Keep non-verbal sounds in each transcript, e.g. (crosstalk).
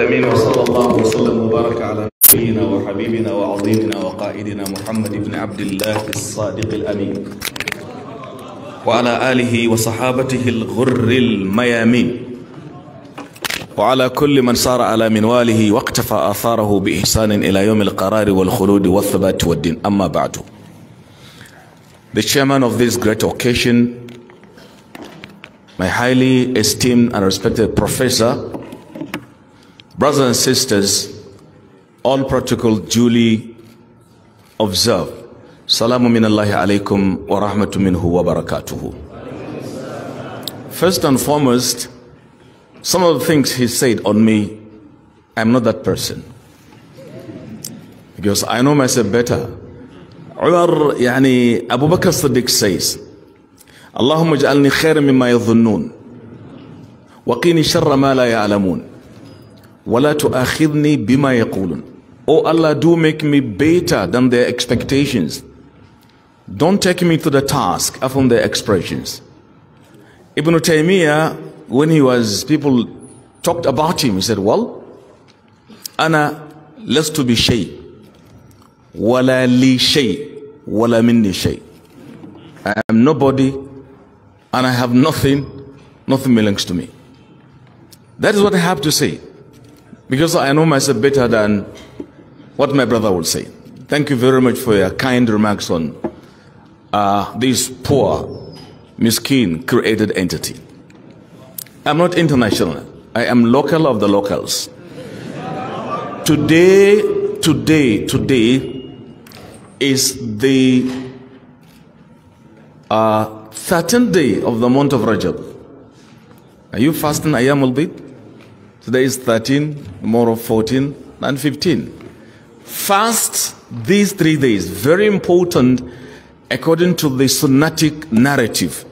العالمين وصلى الله وسلم وبارك على نبينا وحبيبنا وعظيمنا وقائدنا محمد بن عبد الله الصادق الامين وعلى اله وصحابته الغر الميامين وعلى كل من صار على منواله واقتفى اثاره باحسان الى يوم القرار والخلود والثبات والدين اما بعد The chairman of this great occasion, my highly esteemed and respected professor, Brothers and sisters, all protocol duly observed. Salamu minallahi alaykum wa rahmatu minhu wa barakatuhu. First and foremost, some of the things he said on me, I'm not that person. Because I know myself better. Umar, yani Abu Bakr Siddiq says, Allahumma ja'alni khairan mimma yadhunnun. وقيني شر ما لا يعلمون وَلَا تُؤَخِذْنِي bima yaqulun. Oh Allah, do make me better than their expectations. Don't take me to the task upon their expressions. Ibn Taymiyah, when he was, people talked about him, he said, well, Ana to be shay, wala li shay, wala minni shay. I am nobody and I have nothing, nothing belongs to me. That is what I have to say because I know myself better than what my brother would say. Thank you very much for your kind remarks on uh, this poor, miskin, created entity. I'm not international. I am local of the locals. Today, today, today is the uh, 13th day of the month of Rajab. Are you fasting Ayam al-Bid? Today is 13, tomorrow 14, and 15. Fast these three days, very important according to the Sunnatic narrative.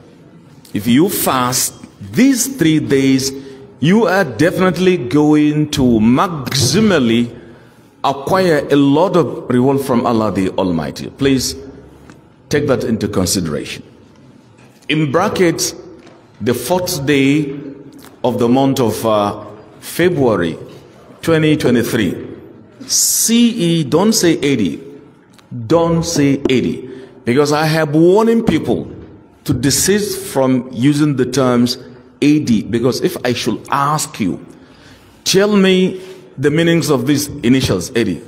If you fast these three days, you are definitely going to maximally acquire a lot of reward from Allah the Almighty. Please take that into consideration. In brackets, the fourth day of the month of uh, February 2023. CE, don't say 80. Don't say 80. Because I have warning people to desist from using the terms AD. Because if I should ask you, tell me the meanings of these initials, AD.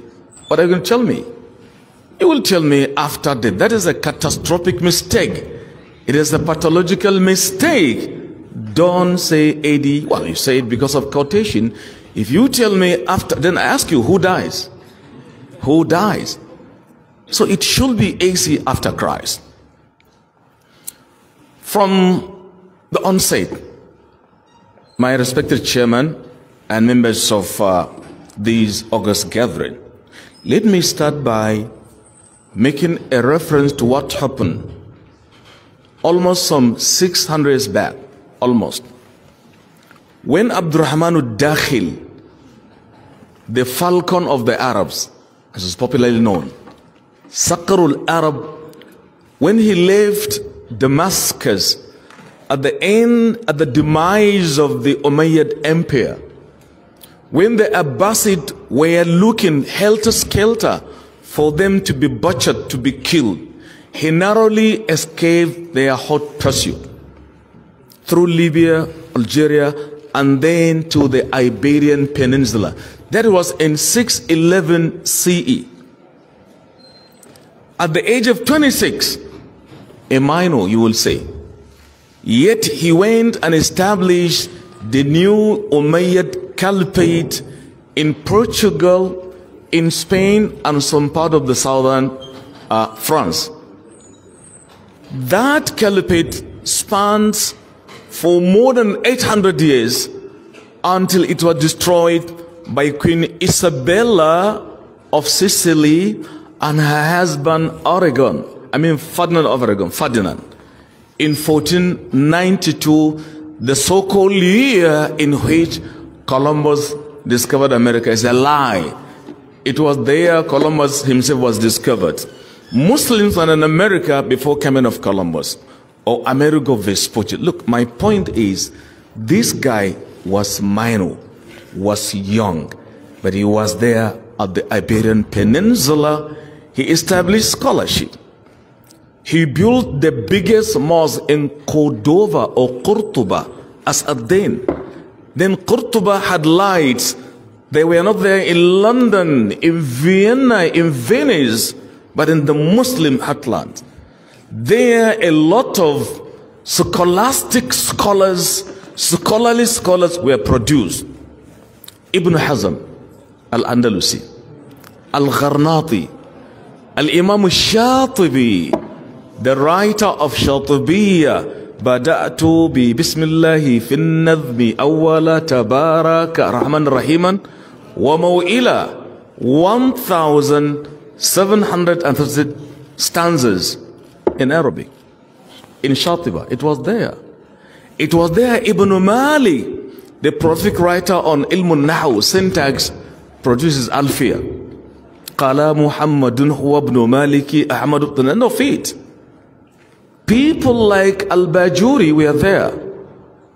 What are you going to tell me? You will tell me after death. That is a catastrophic mistake. It is a pathological mistake don't say AD. Well, you say it because of quotation. If you tell me after, then I ask you, who dies? Who dies? So it should be AC after Christ. From the onset, my respected chairman and members of uh, this August gathering, let me start by making a reference to what happened almost some 600 years back almost. When Abdurrahman al-Dakhil, the falcon of the Arabs, as is popularly known, Saqqarul Arab, when he left Damascus at the end, at the demise of the Umayyad Empire, when the Abbasid were looking helter-skelter for them to be butchered, to be killed, he narrowly escaped their hot pursuit through Libya, Algeria, and then to the Iberian Peninsula. That was in 611 CE. At the age of 26, a minor, you will say, yet he went and established the new Umayyad Caliphate in Portugal, in Spain, and some part of the southern uh, France. That caliphate spans for more than 800 years until it was destroyed by Queen Isabella of Sicily and her husband Oregon, I mean Ferdinand of Oregon, Ferdinand. In 1492, the so-called year in which Columbus discovered America is a lie. It was there Columbus himself was discovered. Muslims were in America before coming of Columbus or Amerigo Vespucci. Look, my point is this guy was minor, was young, but he was there at the Iberian Peninsula. He established scholarship. He built the biggest mosque in Cordova or Cordoba as a Dane. Then Cordoba had lights. They were not there in London, in Vienna, in Venice, but in the Muslim heartland. There, a lot of scholastic scholars, scholarly scholars were produced. Ibn Hazm, Al Andalusi, Al Gharnati, Al Imam Shatibi, the writer of Shatibiyya, بدأت ببسم الله في النظم أول تبارك رحمن رحيما وموئلة 1730 stanzas in Arabic, in Shatiba. It was there. It was there Ibn Mali, the prolific writer on al Nahu, syntax, produces Alfia. Qala Muhammadun huwa ibn Maliki Ahmad ibn End of it. People like Al-Bajuri were there.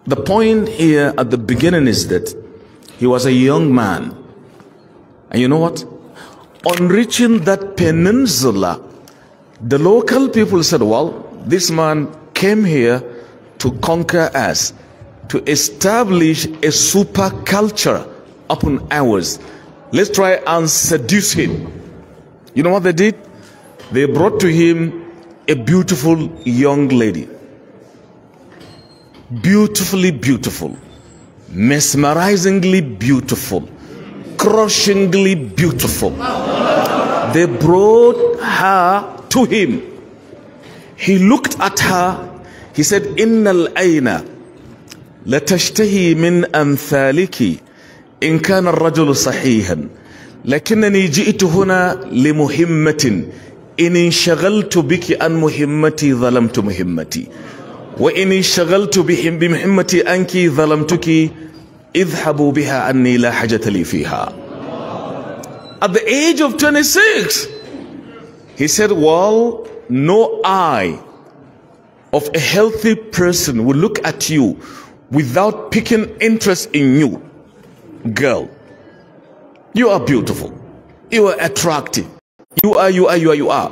The point here at the beginning is that he was a young man. And you know what? On reaching that peninsula, the local people said, well, this man came here to conquer us, to establish a super culture upon ours. Let's try and seduce him. You know what they did? They brought to him a beautiful young lady. Beautifully beautiful. Mesmerizingly beautiful. Crushingly beautiful. They brought her to him. He looked at her. He said, Inna al إِنَّ الْأَيْنَ min amthaliki in kana al-rajul sahihan. لكنني جئت هنا لمهمة إن انشغلت بك عن مهمتي ظلمت مهمتي وإن انشغلت بمهمتي أنك ظلمتك اذهبوا بها عني لا حاجة لي فيها At the age of 26 He said, well, no eye of a healthy person will look at you without picking interest in you. Girl, you are beautiful. You are attractive. You are, you are, you are, you are.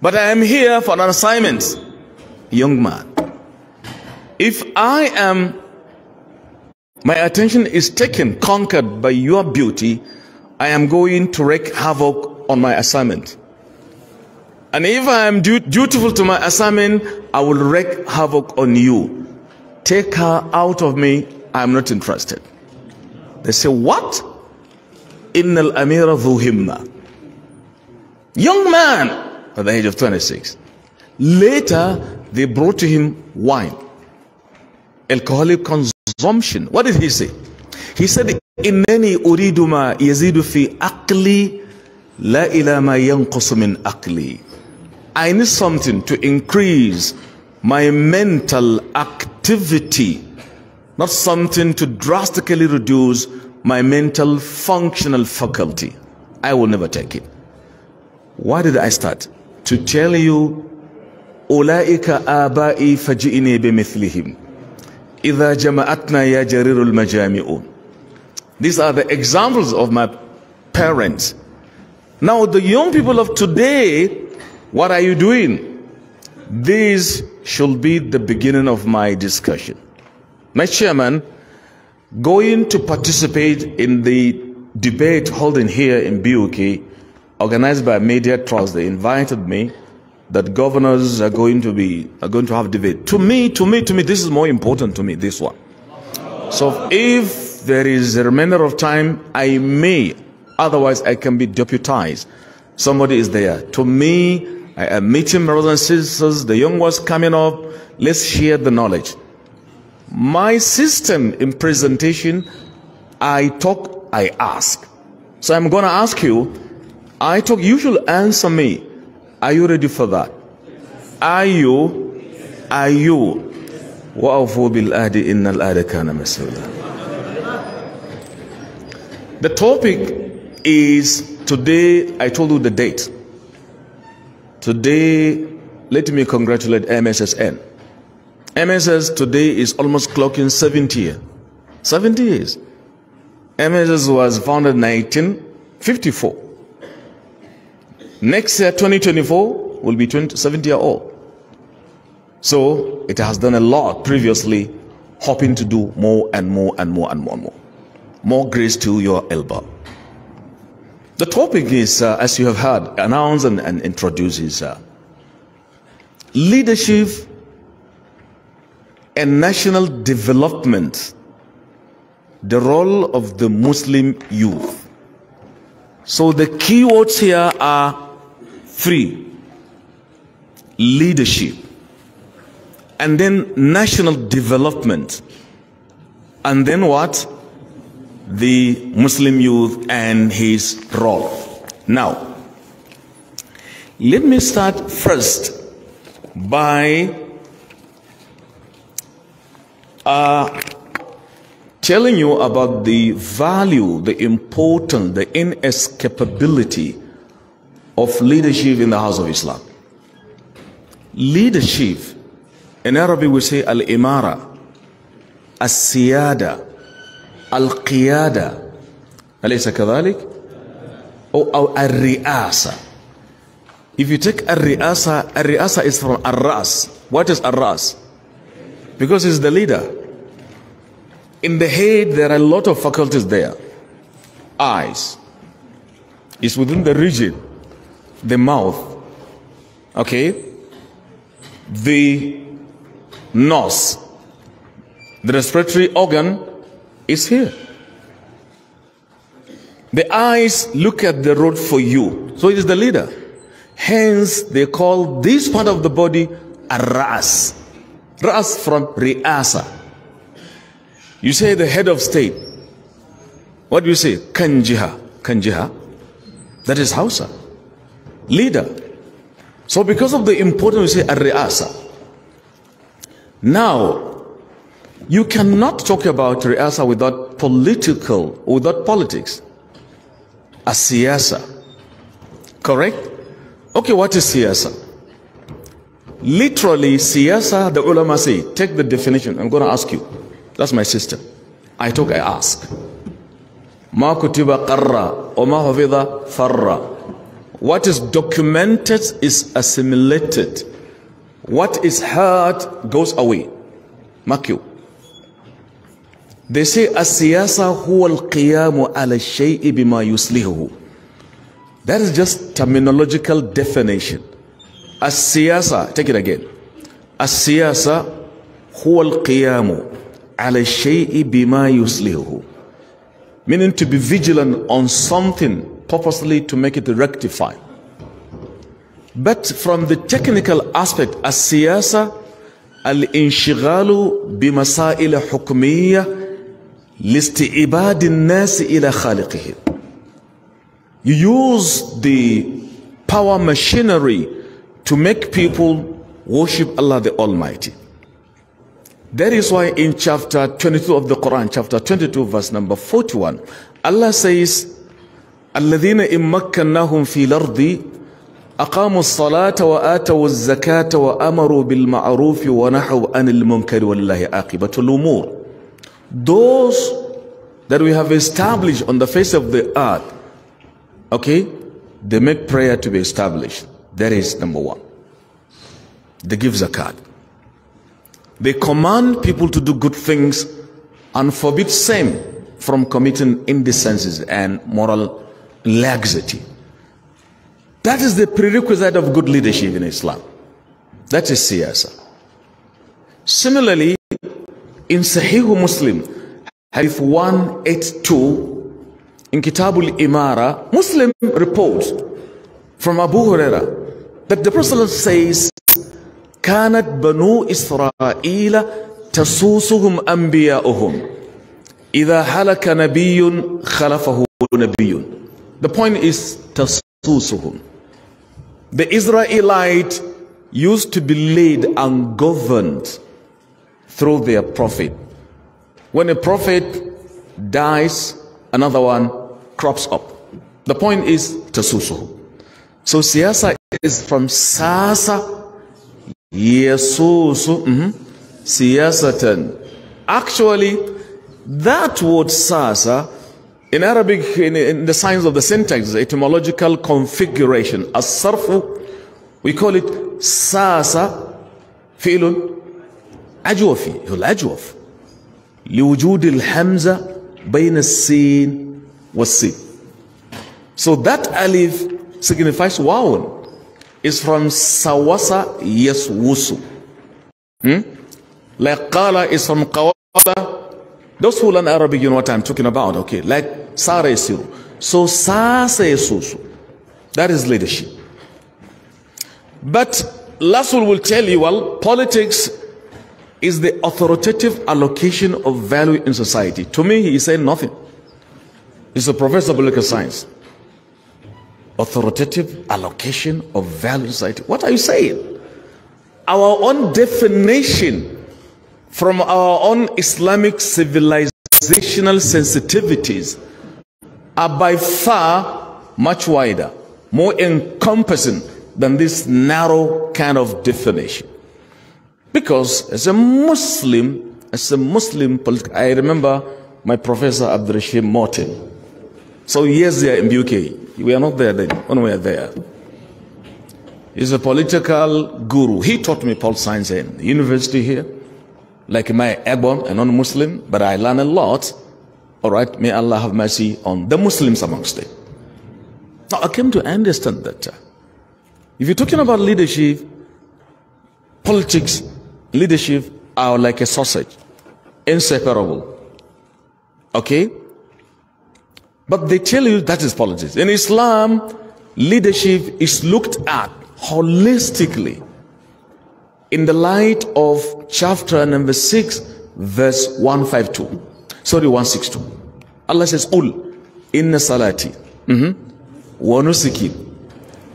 But I am here for an assignment. Young man, if I am, my attention is taken, conquered by your beauty, I am going to wreak havoc on my assignment. And if I am dutiful to my assignment, I will wreak havoc on you. Take her out of me. I am not interested. They say, what? al amira dhuhimna. Young man at the age of 26. Later, they brought to him wine. Alcoholic consumption. What did he say? He said, إنني أريد ما يزيد fi عقلي la ila ma ينقص min عقلي. I need something to increase my mental activity, not something to drastically reduce my mental functional faculty. I will never take it. Why did I start? To tell you, أولئك آبائي فجئني بمثلهم إذا جمعتنا يا جرير المجامع These are the examples of my parents. Now the young people of today what are you doing? This should be the beginning of my discussion. My chairman, going to participate in the debate holding here in BUK, organized by Media Trust, they invited me that governors are going to be are going to have debate. To me, to me, to me, this is more important to me, this one. So if there is a remainder of time, I may, otherwise I can be deputized. Somebody is there. To me, I am meeting brothers and sisters, the young ones coming up. Let's share the knowledge. My system in presentation, I talk, I ask. So I'm going to ask you, I talk, you should answer me. Are you ready for that? Are you? Are you? The topic is today, I told you the date. Today, let me congratulate MSSN. MSS today is almost clocking 70 years. 70 years. MSS was founded in 1954. Next year, 2024, will be 20, 70 years old. So it has done a lot previously, hoping to do more and more and more and more and more. More grace to your elbow. The topic is, uh, as you have heard, announced and, and introduced, is uh, leadership and national development, the role of the Muslim youth. So the keywords here are three, leadership, and then national development, and then what? the Muslim youth and his role. Now, let me start first by uh, telling you about the value, the importance, the inescapability of leadership in the house of Islam. Leadership, in Arabic we say al-imara, as-siyada, القيادة أليس كذلك؟ أو, أو الرئاسة If you take الرئاسة الرئاسة is from الرأس What is الرأس? Because it's the leader In the head there are a lot of faculties there Eyes It's within the region The mouth Okay The nose The respiratory organ is here. The eyes look at the road for you. So it is the leader. Hence, they call this part of the body a ras. Ras from riasa. You say the head of state. What do you say? Kanjiha. Kanjiha. That is Hausa. Leader. So because of the importance, we say a riasa. Now, you cannot talk about Riasa without political, without politics. A siyasa. Correct? Okay, what is siyasa? Literally, siyasa, the ulama say, take the definition. I'm going to ask you. That's my sister. I talk, I ask. Ma kutiba qarra, o ma hafidha farra. What is documented is assimilated. What is heard goes away. Mark you. They say السياسة هو القيام على الشيء بما يصلحه. That is just terminological definition. السياسة, take it again. السياسة هو القيام على الشيء بما يصلحه. Meaning to be vigilant on something purposely to make it rectify. But from the technical aspect, السياسة الانشغال بمسائل حكميه لاستعباد الناس إلى خالقهم. You use the power machinery to make people worship Allah the Almighty. That is why in chapter 22 of the Quran, chapter 22, verse number 41, Allah says, الذين إن مكناهم في الأرض أقاموا الصلاة وآتوا الزكاة وأمروا بالمعروف ونحوا عن المنكر والله عاقبة الأمور. those that we have established on the face of the earth, okay, they make prayer to be established. That is number one. They give zakat. They command people to do good things and forbid same from committing indecencies and moral laxity. That is the prerequisite of good leadership in Islam. That is siyasa. Similarly, in Sahih Muslim, Hadith 182, in Kitabul Imara, Muslim reports from Abu Huraira that the Prophet says, "Kanat بنو Israel تسوسهم أنبياؤهم Ida حلك نبي خلفه Nabiyun." The point is تسوسهم The Israelite used to be led and governed through their prophet. When a prophet dies, another one crops up. The point is tasusu. So siyasa is from sasa yesusu mm -hmm. siyasatan. Actually, that word sasa in Arabic, in, in, the science of the syntax, the etymological configuration, as sarfu, we call it sasa filun أجوفي هو الأجوف لوجود الحمزة بين السين والسين So that alif signifies wawun. is from sawasa yaswusu. Hmm? Like qala is from Qawasa. Those who learn Arabic, you know what I'm talking about. Okay, like sara yasiru. So sasa yasusu. That is leadership. But Lasul will tell you, well, politics is the authoritative allocation of value in society. To me, he is saying nothing. He's a professor of political science. Authoritative allocation of value in society. What are you saying? Our own definition from our own Islamic civilizational sensitivities are by far much wider, more encompassing than this narrow kind of definition. Because as a Muslim, as a Muslim, I remember my professor Abdurashim Morton. So years there in UK. We are not there then, when we are there. He's a political guru. He taught me Paul science in university here. Like my Agbon, a non-Muslim, but I learned a lot. All right, may Allah have mercy on the Muslims amongst them. Now I came to understand that. Uh, if you're talking about leadership, politics, leadership are like a sausage, inseparable. Okay? But they tell you that is politics. In Islam, leadership is looked at holistically in the light of chapter number 6, verse 152. Sorry, 162. Allah says, Ul, inna salati, mm -hmm. wa nusuki,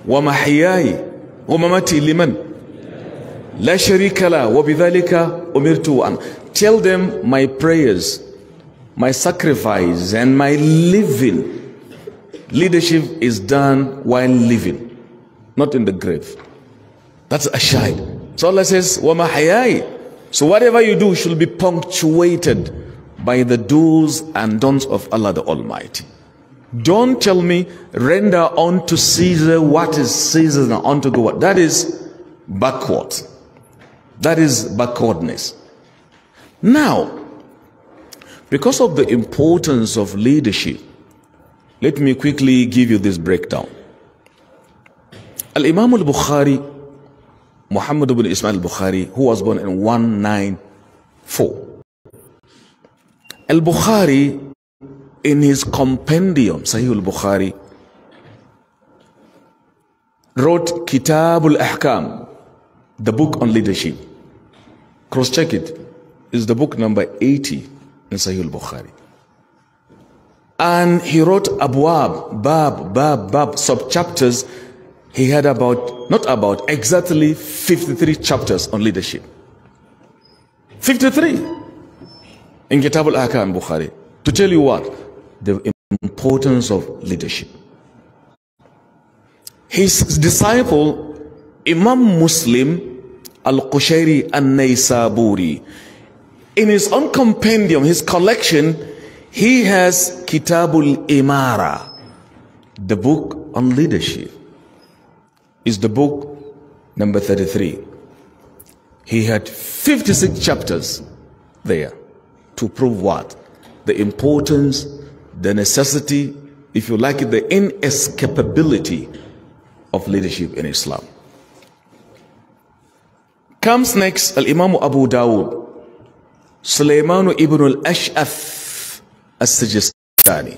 wa mahyai, wa mamati liman. La sharika la wa umirtu an. Tell them my prayers, my sacrifice and my living. Leadership is done while living, not in the grave. That's a shahid. So Allah says, wa mahayai. So whatever you do should be punctuated by the do's and don'ts of Allah the Almighty. Don't tell me, render unto Caesar what is Caesar's and unto God. That is backward. That is backwardness. Now, because of the importance of leadership, let me quickly give you this breakdown. Al-Imam al-Bukhari, Muhammad ibn Ismail al-Bukhari, who was born in 194. Al-Bukhari, in his compendium, Sahih al-Bukhari, wrote Kitab al-Ahkam, the book on leadership. Cross check It's the book number 80 in Sahih Bukhari. And he wrote Abwab, Bab, Bab, Bab, sub chapters. He had about, not about, exactly 53 chapters on leadership. 53 in Kitab al Akam Bukhari. To tell you what, the importance of leadership. His disciple, Imam Muslim, Al-Qushayri An-Naysaburi. In his own compendium, his collection, he has Kitabul Imara, the book on leadership. Is the book number 33. He had 56 chapters there to prove what? The importance, the necessity, if you like it, the inescapability of leadership in Islam. Comes next Al-Imam Abu Dawud, Sulaiman ibn al-Ash'af as sijistani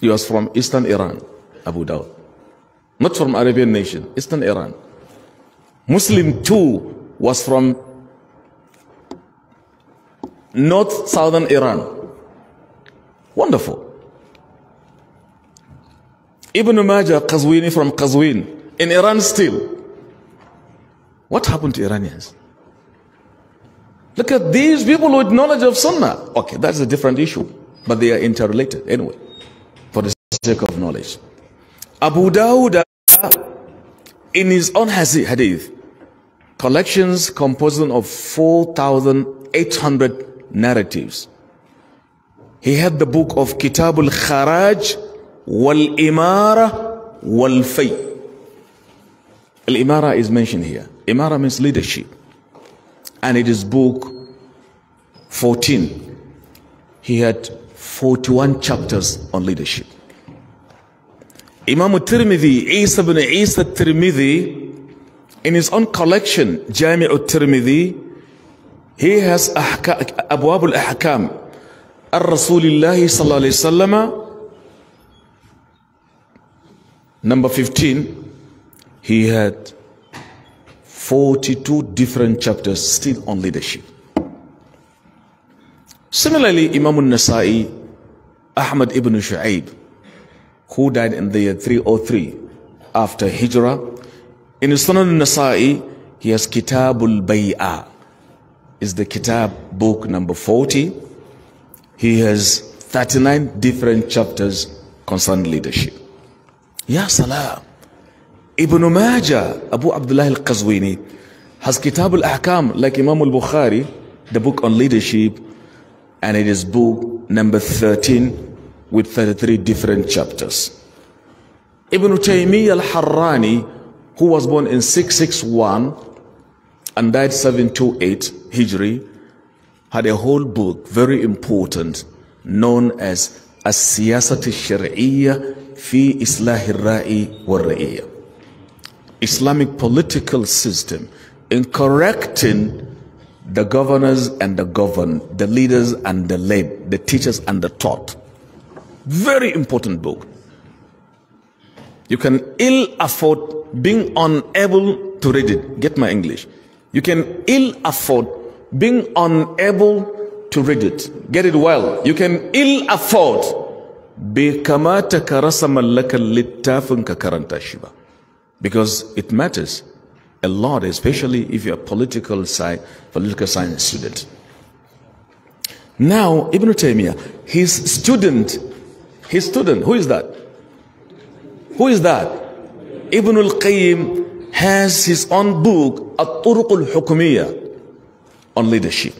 He was from eastern Iran, Abu Dawud. Not from Arabian nation, eastern Iran. Muslim too was from north southern Iran. Wonderful. Ibn Majah, Qazwini from Qazwin, in Iran still. What happened to Iranians? Look at these people with knowledge of Sunnah. Okay, that's a different issue, but they are interrelated anyway, for the sake of knowledge. Abu Dawud, in his own hadith, collections composing of 4,800 narratives. He had the book of Kitabul Kharaj, Wal Imara, Wal Fay. Al Imara is mentioned here. Imara means leadership. And it is book 14. He had 41 chapters on leadership. Imam Tirmidhi, Isa ibn Isa Tirmidhi, in his own collection, Jami' tirmidhi he has Abwab al-Ahkam, الرسول الله صلى الله عليه وسلم number 15 he had 42 different chapters still on leadership. Similarly, Imam al-Nasai, Ahmad ibn Shu'aib, who died in the year 303 after Hijrah, in Sunan al-Nasai, he has Kitabul Baya, is the Kitab book number 40. He has 39 different chapters concerning leadership. Ya salaam. Ibn Majah, Abu Abdullah al-Qazwini, has Kitab al like Imam al-Bukhari, the book on leadership, and it is book number 13 with 33 different chapters. Ibn Taymiyyah al harani who was born in 661 and died 728 Hijri, had a whole book, very important, known as As-Siyasat al-Shar'iyya fi Islah al-Ra'i wal Islamic political system in correcting the governors and the governed, the leaders and the led, the teachers and the taught. Very important book. You can ill afford being unable to read it. Get my English. You can ill afford being unable to read it. Get it well. You can ill afford. be kamata ka rasa mallakar littafin karanta because it matters a lot, especially if you're a political, sci political science student. Now, Ibn Taymiyyah, his student, his student, who is that? Who is that? Ibn al-Qayyim has his own book, At-Turuq al on leadership.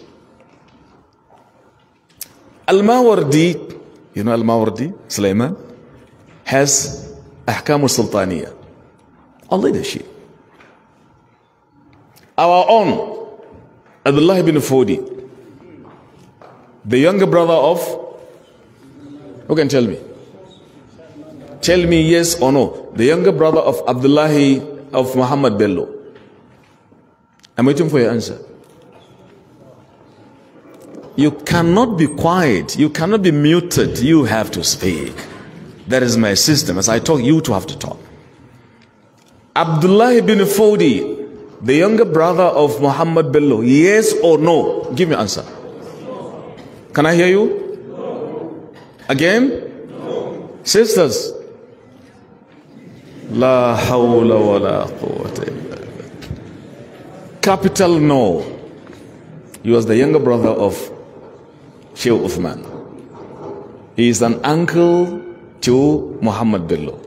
Al-Mawardi, you know Al-Mawardi, Sulaiman, has Ahkam al sultaniyah on leadership. Our own, Abdullah ibn Fodi, the younger brother of, who can tell me? Tell me yes or no. The younger brother of Abdullahi of Muhammad Bello. I'm waiting for your answer. You cannot be quiet. You cannot be muted. You have to speak. That is my system. As I talk, you too have to talk. Abdullah ibn Fodi, the younger brother of Muhammad Bello, yes or no? Give me answer. Can I hear you? Again? Sisters. La hawla wa la quwwata Capital no. He was the younger brother of Sheikh Uthman. He is an uncle to Muhammad Bello.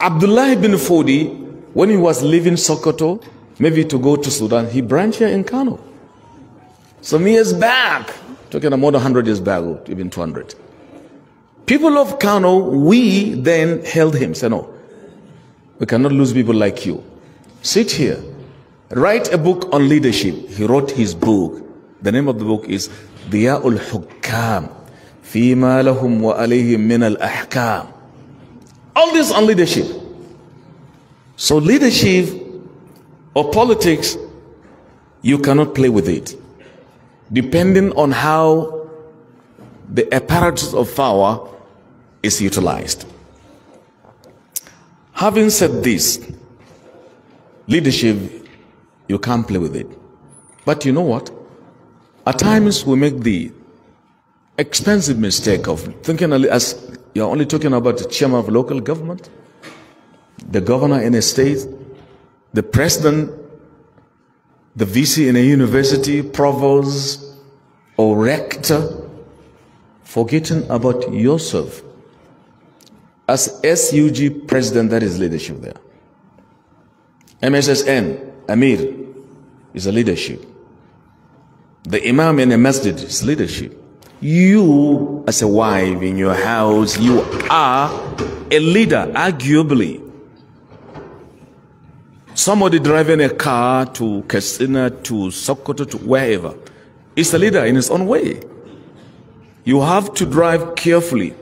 Abdullah ibn Fodi, when he was leaving Sokoto, maybe to go to Sudan, he branched here in Kano. Some years back, talking about more than 100 years back, even 200. People of Kano, we then held him, said, no, we cannot lose people like you. Sit here, write a book on leadership. He wrote his book. The name of the book is Diya'ul Hukkam. wa لهم min al-Ahkam." All this on leadership. So, leadership or politics, you cannot play with it. Depending on how the apparatus of power is utilized. Having said this, leadership, you can't play with it. But you know what? At times we make the expensive mistake of thinking as you're only talking about the chairman of local government, the governor in a state, the president, the VC in a university, provost, or rector, forgetting about yourself. As SUG president, that is leadership there. MSSN, Amir, is a leadership. The imam in a masjid is leadership you as a wife in your house you are a leader arguably somebody driving a car to Katsina to Sokoto to wherever is a leader in his own way you have to drive carefully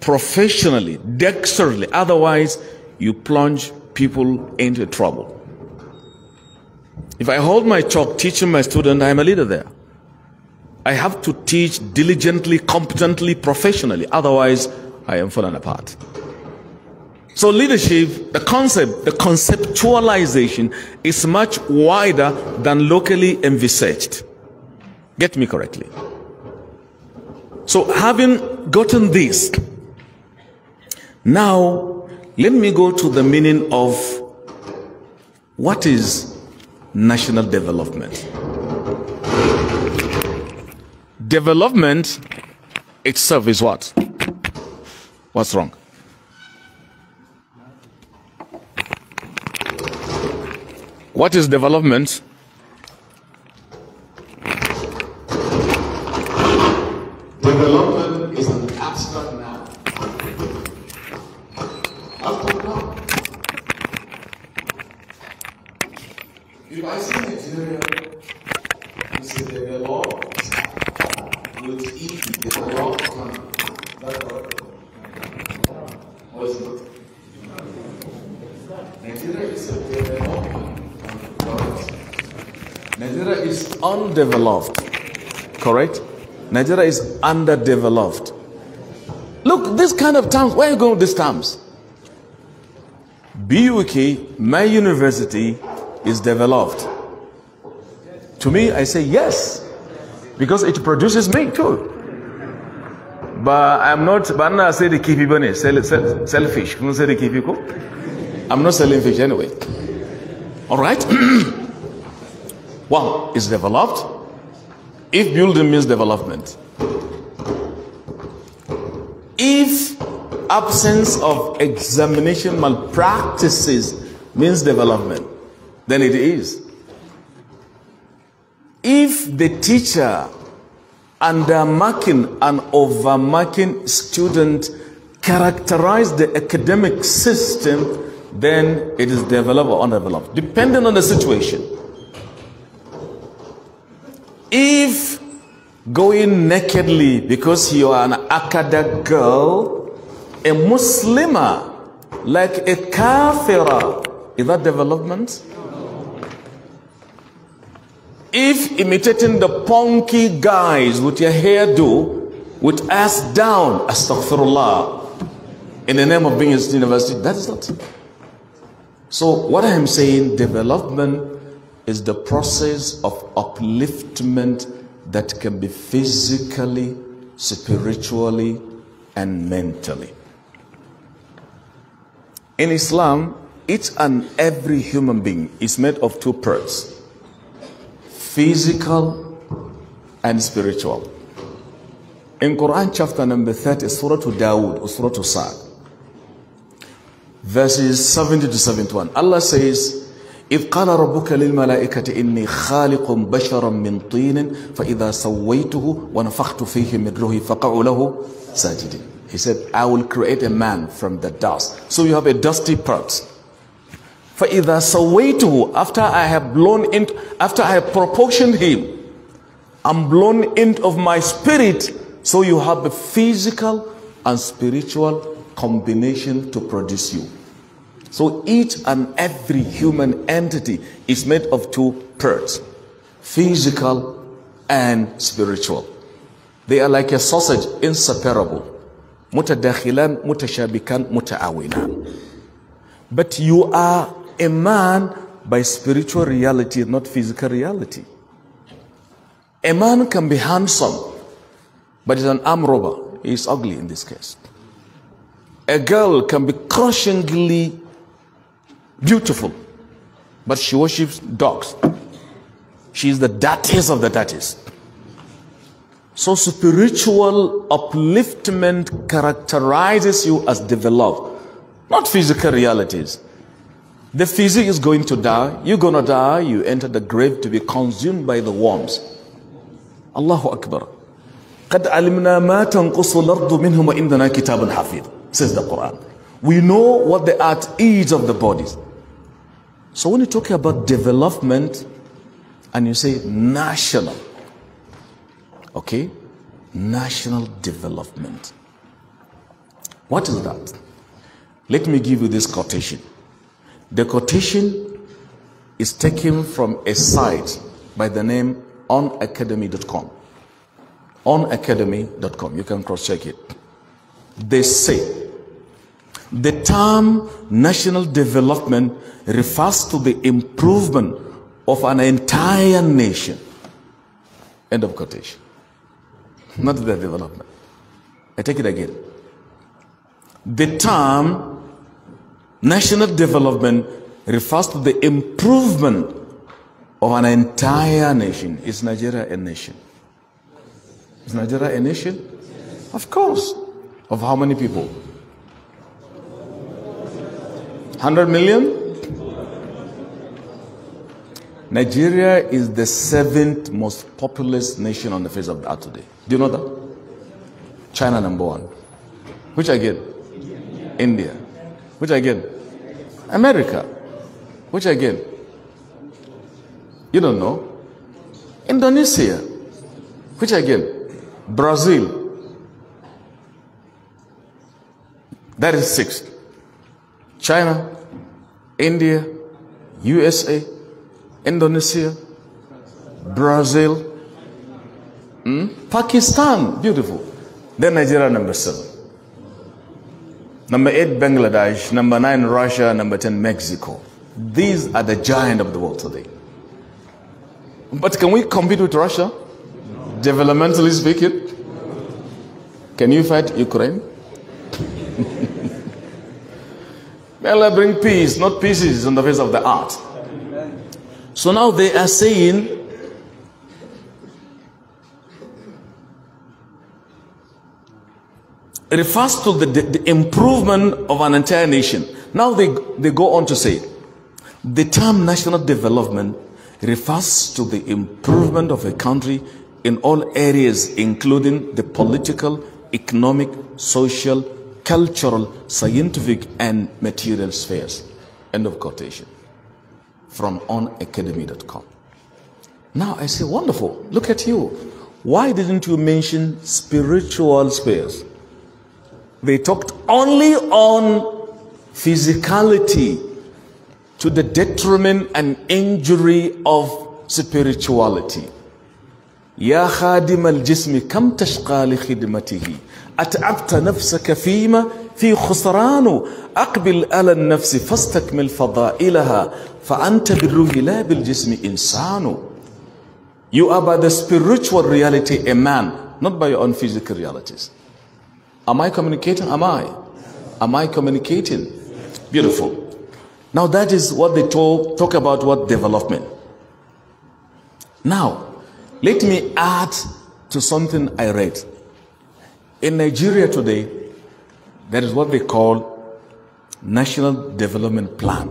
professionally dexterously otherwise you plunge people into trouble if I hold my chalk teaching my student I'm a leader there I have to teach diligently, competently, professionally. Otherwise, I am falling apart. So leadership, the concept, the conceptualization is much wider than locally envisaged. Get me correctly. So having gotten this, now let me go to the meaning of what is national development development itself is what? What's wrong? What is development? Development. underdeveloped. Correct? Nigeria is underdeveloped. Look, this kind of terms, where are you going with these terms? BUK, my university, is developed. To me, I say yes, because it produces me too. But I'm not, but I'm not saying the key people, sell, sell, sell I'm not the key people. I'm not selling fish anyway. All right? well, (clears throat) it's developed. If building means development, if absence of examination malpractices means development, then it is. If the teacher undermarking and overmarking student characterize the academic system, then it is developed or undeveloped, depending on the situation. If going nakedly because you are an Akada girl, a Muslima, like a kafira, is that development? If imitating the punky guys with your hairdo, with ass down, astaghfirullah, in the name of being a university, that is not. So what I am saying, development is the process of upliftment that can be physically, spiritually, and mentally. In Islam, each and every human being is made of two parts physical and spiritual. In Quran chapter number 30, Surah to Dawood, Surah to Sa'd, verses 70 to 71, Allah says, إذ قال ربك للملائكة إني خالق بشرا من طين فإذا سويته ونفخت فيه من روحي فقعوا له ساجدين He said, I will create a man from the dust. So you have a dusty part. فإذا سويته after I have blown in, after I have proportioned him, I'm blown in of my spirit. So you have a physical and spiritual combination to produce you. So each and every human entity is made of two parts physical and spiritual. They are like a sausage, inseparable. Mutadakhilan, mutashabikan, mutaawilan. But you are a man by spiritual reality, not physical reality. A man can be handsome, but is an arm robber. He is ugly in this case. A girl can be crushingly beautiful, but she worships dogs. She is the dirtiest of the dirtiest. So spiritual upliftment characterizes you as developed, not physical realities. The physique is going to die. You're going to die. You enter the grave to be consumed by the worms. Allahu Akbar. says the Quran. We know what the art is of the bodies. So when you talk about development and you say national, okay, national development. What is that? Let me give you this quotation. The quotation is taken from a site by the name onacademy.com. Onacademy.com. You can cross check it. They say the term national development refers to the improvement of an entire nation. End of quotation. Not the development. I take it again. The term national development refers to the improvement of an entire nation. Is Nigeria a nation? Is Nigeria a nation? Of course. Of how many people? 100 million? Nigeria is the seventh most populous nation on the face of the earth today. Do you know that? China number one. Which again? India. Which again? America. Which again? You don't know. Indonesia. Which again? Brazil. That is sixth. China, India, USA, Indonesia, Brazil, hmm? Pakistan, beautiful. Then Nigeria, number seven. Number eight, Bangladesh. Number nine, Russia. Number ten, Mexico. These are the giant of the world today. But can we compete with Russia? Developmentally speaking? Can you fight Ukraine? (laughs) May Allah bring peace, not pieces on the face of the earth. So now they are saying, refers to the, the, the, improvement of an entire nation. Now they, they go on to say, the term national development refers to the improvement of a country in all areas, including the political, economic, social, cultural, scientific, and material spheres. End of quotation from onacademy.com. Now I say, wonderful, look at you. Why didn't you mention spiritual spheres? They talked only on physicality to the detriment and injury of spirituality. يا خادم الجسم كم تشقى لخدمته أتعبت نفسك فيما في خسران أقبل ألا النفس فاستكمل فضائلها فأنت بالروح لا بالجسم إنسان You are by the spiritual reality a man, not by your own physical realities. Am I communicating? Am I? Am I communicating? Beautiful. Now that is what they talk, talk about what development. Now, let me add to something I read. In Nigeria today, there is what they call National Development Plan.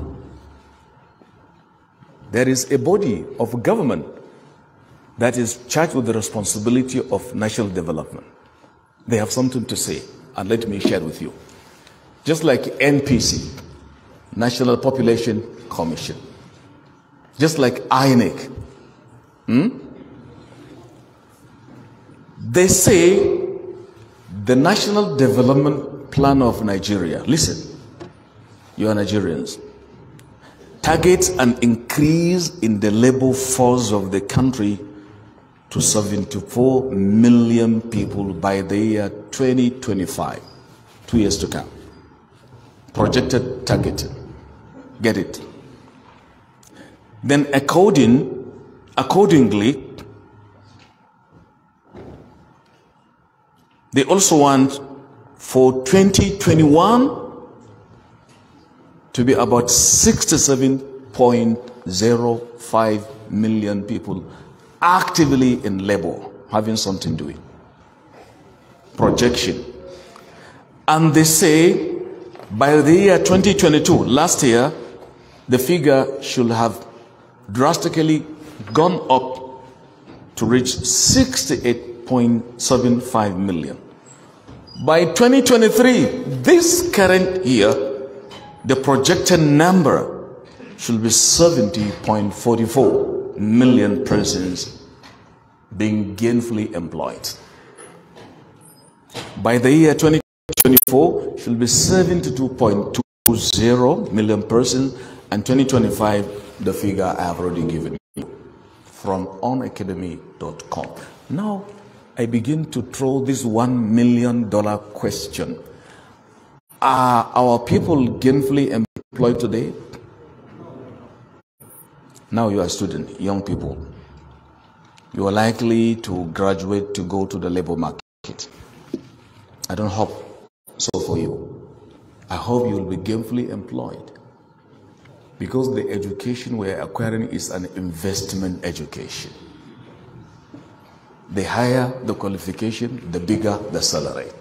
There is a body of government that is charged with the responsibility of national development. They have something to say, and let me share with you. Just like NPC, National Population Commission, just like INEC, hmm? they say the National Development Plan of Nigeria, listen, you are Nigerians, targets an increase in the labor force of the country to 74 million people by the year 2025, two years to come. Projected target. Get it? Then according, accordingly, They also want for 2021 to be about 67.05 million people actively in labor, having something doing. Projection. And they say by the year 2022, last year, the figure should have drastically gone up to reach 68 8.75 million. By 2023, this current year, the projected number should be 70.44 million persons being gainfully employed. By the year 2024, should be 72.20 million persons, and 2025, the figure I have already given you from onacademy.com. Now, I begin to throw this one million dollar question. Are our people gainfully employed today? Now you are a student, young people. You are likely to graduate to go to the labor market. I don't hope so for you. I hope you will be gainfully employed because the education we are acquiring is an investment education. The higher the qualification, the bigger the salary.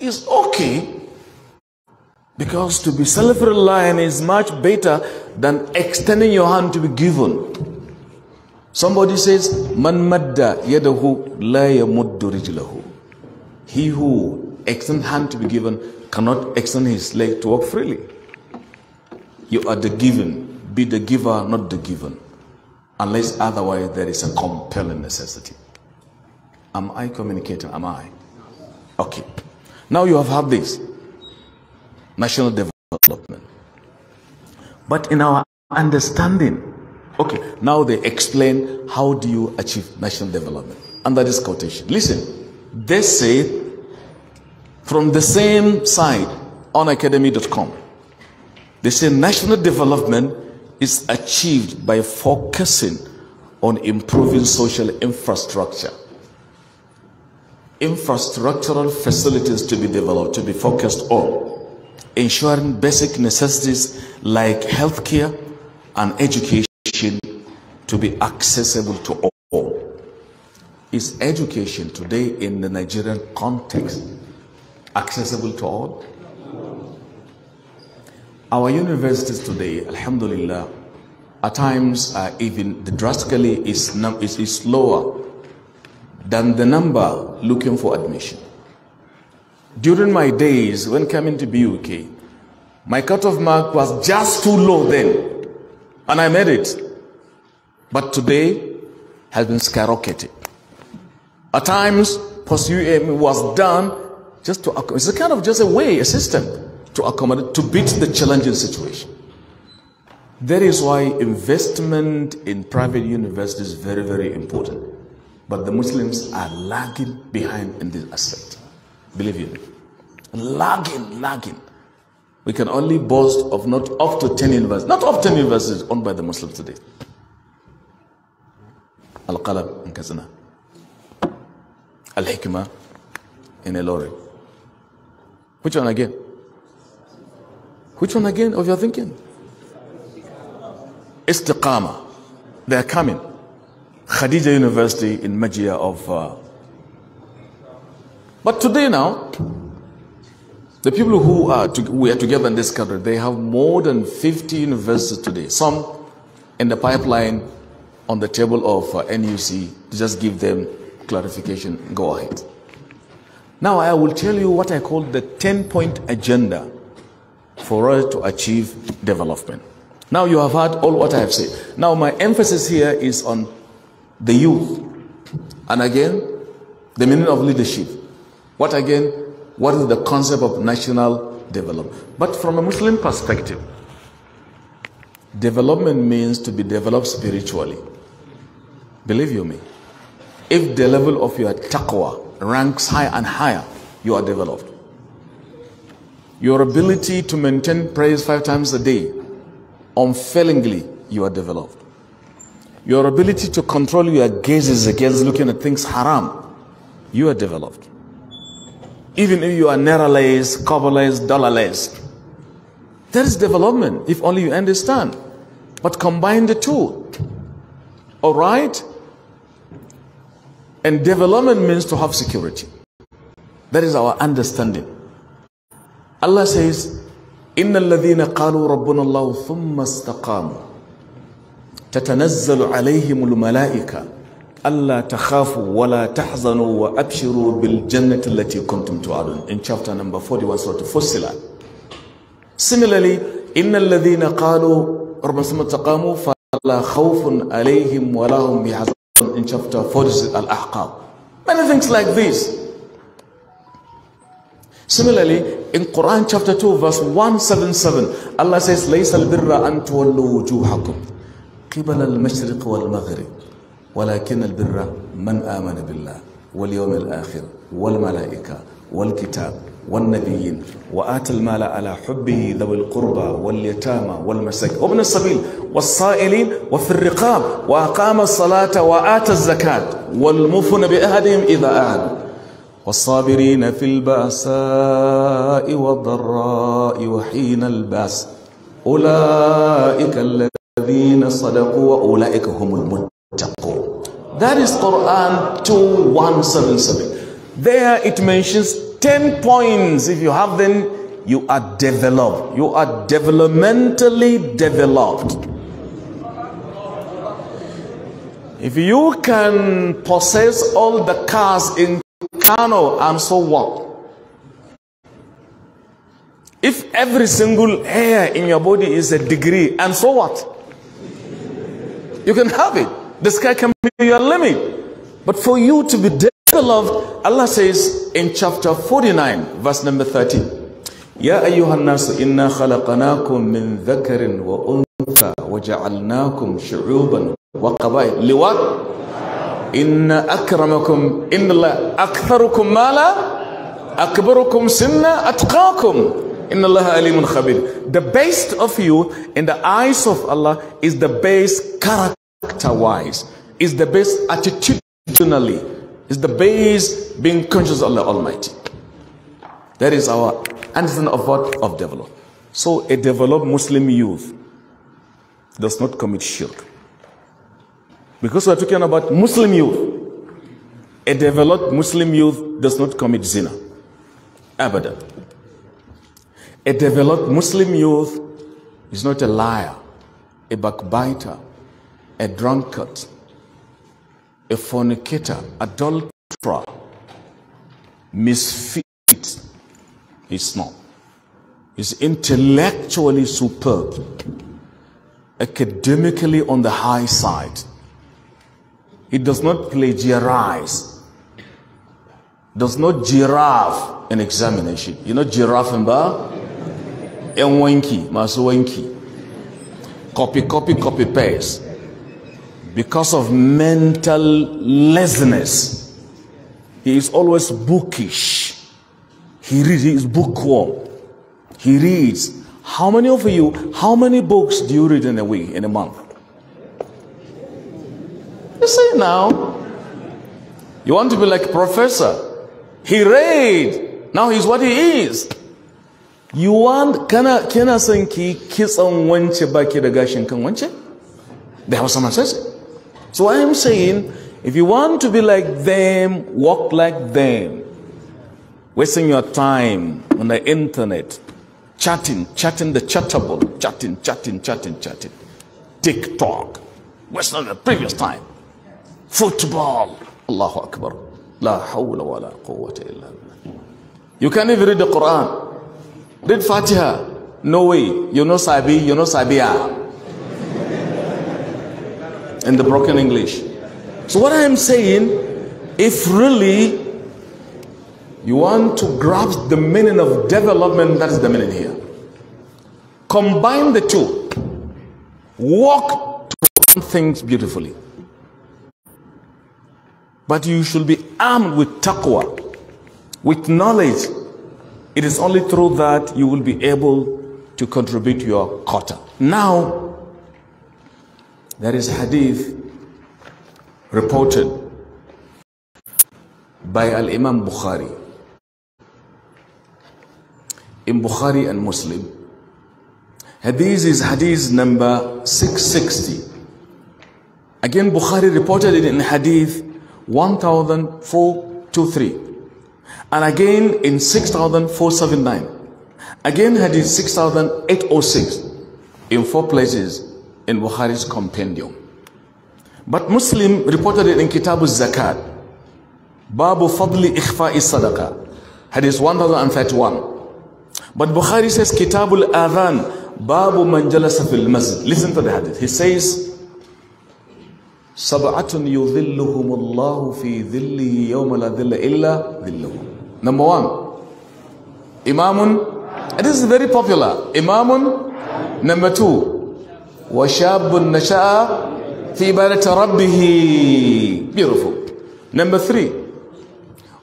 It's okay because to be self reliant is much better than extending your hand to be given. Somebody says, Man madda yadahu la rijlahu. He who extends hand to be given cannot extend his leg to walk freely. You are the given. Be the giver, not the given unless otherwise there is a compelling necessity. Am I communicating? Am I? Okay. Now you have had this national development. But in our understanding, okay, now they explain how do you achieve national development under this quotation. Listen, they say from the same side on academy.com, they say national development is achieved by focusing on improving social infrastructure. Infrastructural facilities to be developed, to be focused on, ensuring basic necessities like healthcare and education to be accessible to all. Is education today in the Nigerian context accessible to all? Our universities today, alhamdulillah, at times are even drastically is, is, is lower than the number looking for admission. During my days when coming to BUK, my cutoff mark was just too low then, and I made it. But today has been skyrocketed. At times, post UAM was done just to, it's a kind of just a way, a system to accommodate, to beat the challenging situation. That is why investment in private universities is very, very important. But the Muslims are lagging behind in this aspect. Believe me. Lagging, lagging. We can only boast of not up to 10 universities, not up 10 universities owned by the Muslims today. Al Qalab in Kazana, Al Hikmah in Elori. Which one again? Which one again of your thinking? Istiqama. They are coming. Khadija University in Magia of. Uh... But today now, the people who are to, we are together in this country, they have more than 50 universities today. Some in the pipeline on the table of uh, NUC to just give them clarification. Go ahead. Now I will tell you what I call the 10 point agenda for us to achieve development. Now you have heard all what I have said. Now my emphasis here is on the youth. And again, the meaning of leadership. What again? What is the concept of national development? But from a Muslim perspective, development means to be developed spiritually. Believe you me. If the level of your taqwa ranks higher and higher, you are developed. Your ability to maintain prayers five times a day, unfailingly, you are developed. Your ability to control your gazes against looking at things haram, you are developed. Even if you are narrowless, coverless, dollarless, there is is development, if only you understand. But combine the two. All right? And development means to have security. That is our understanding. Allah says, إن الذين قالوا ربنا الله ثم استقاموا تتنزل عليهم الملائكة ألا تخافوا ولا تحزنوا وأبشروا بالجنة التي كنتم توعدون in chapter number 41 surah Fussilat similarly إن الذين قالوا ربنا ثم استقاموا فلا خوف عليهم ولا هم يحزنون in chapter 40 الأحقاب many things like this similarly In Quran chapter 2 verse 177, Allah says, لَيْسَ الْبِرَّ أَن تُوَلُّوا وُجُوهَكُمْ قِبَلَ الْمَشْرِقِ وَالْمَغْرِبِ وَلَكِنَّ الْبِرَّ مَنْ آمَنَ بِاللَّهِ وَالْيَوْمِ الْآخِرِ وَالْمَلَائِكَةِ وَالْكِتَابِ والنبيين وآت المال على حبه ذوي القربى واليتامى والمساكين وابن السبيل والصائلين وفي الرقاب وأقام الصلاة وآت الزكاة والمفن بأهدهم إذا أعدوا والصابرين في البأساء والضراء وحين البأس أولئك الذين صدقوا وأولئك هم المتقون That is Quran 2177 There it mentions 10 points if you have them you are developed you are developmentally developed If you can possess all the cars in Kano, and so what? If every single hair in your body is a degree, and so what? You can have it. The sky can be your limit. But for you to be developed, Allah says in chapter 49, verse number 30. يا أيها الناس إنا خلقناكم من ذكر وأنثى وجعلناكم شعوبا وقبائل لوات إن أكرمكم إن الله أكثركم مالا أكبركم سنا أتقاكم إن الله عليم خبير The best of you in the eyes of Allah is the best character-wise, is the best attitudinally, is the best being conscious of Allah Almighty. That is our understanding of what? Of develop. So a developed Muslim youth does not commit shirk. Because we're talking about Muslim youth. A developed Muslim youth does not commit zina. Abadan. A developed Muslim youth is not a liar, a backbiter, a drunkard, a fornicator, adulterer, misfit. He's not. He's intellectually superb, academically on the high side, it does not plagiarize. Does not giraffe an examination. You know giraffe and bar? And wanky, masu wanky. Copy, copy, copy, paste. Because of mental laziness. He is always bookish. He reads, he is bookworm. He reads. How many of you, how many books do you read in a week, in a month? You see now, you want to be like professor. He read. Now he's what he is. You want, kana, kina son ki kitsan wance baki da gashin kan wance? The someone says So I am saying, if you want to be like them, walk like them. Wasting your time on the internet, chatting, chatting the chattable, chatting, chatting, chatting, chatting. TikTok. Wasting the previous time. Football. Allahu Akbar. La hawla wa la quwwata illa You can't even read the Quran. Read Fatiha. No way. You know Sabi, you know Sabiya. In the broken English. So what I am saying, if really you want to grasp the meaning of development, that is the meaning here. Combine the two. Walk to things beautifully. But you should be armed with taqwa, with knowledge. It is only through that you will be able to contribute your quota. Now, there is hadith reported by Al Imam Bukhari. In Bukhari and Muslim, hadith is hadith number 660. Again, Bukhari reported it in hadith 1423. And again in 6479. Again hadith 6806 in four places in Bukhari's compendium. But Muslim reported it in Kitabu zakat Babu Fadli Ikhfa is Sadaqa. Hadith 1031. But Bukhari says Kitabul al-Adhan. Babu Manjala Safil Masjid. Listen to the hadith. He says, سبعة يظلهم الله في ذله يوم لا ذل إلا ذله number one إمام this is very popular إمام number two وشاب نشأ في بارة ربه beautiful number three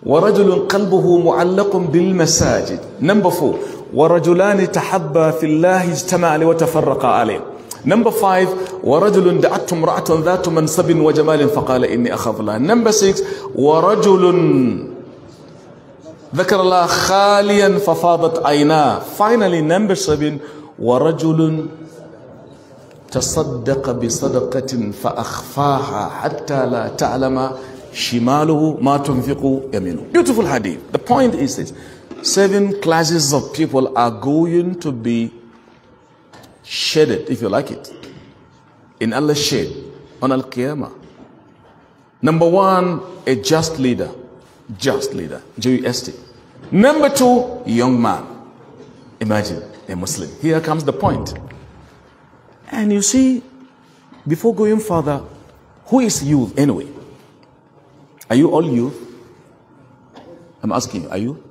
ورجل قلبه معلق بالمساجد number four ورجلان تحبا في الله اجتمع لي وتفرقا عليه Number five, ورجل دعته امرأة ذات منصب وجمال فقال إني أخاف الله. Number six, ورجل ذكر الله خاليا ففاضت عيناه. Finally, number seven, ورجل تصدق بصدقة فأخفاها حتى لا تعلم شماله ما تنفق يمينه. Beautiful hadith. The point is this. Seven classes of people are going to be shaded, if you like it, in Allah's shade on Al Qiyamah. Number one, a just leader. Just leader. J-U-S-T. Number two, young man. Imagine a Muslim. Here comes the point. And you see, before going further, who is youth anyway? Are you all youth? I'm asking you, are you?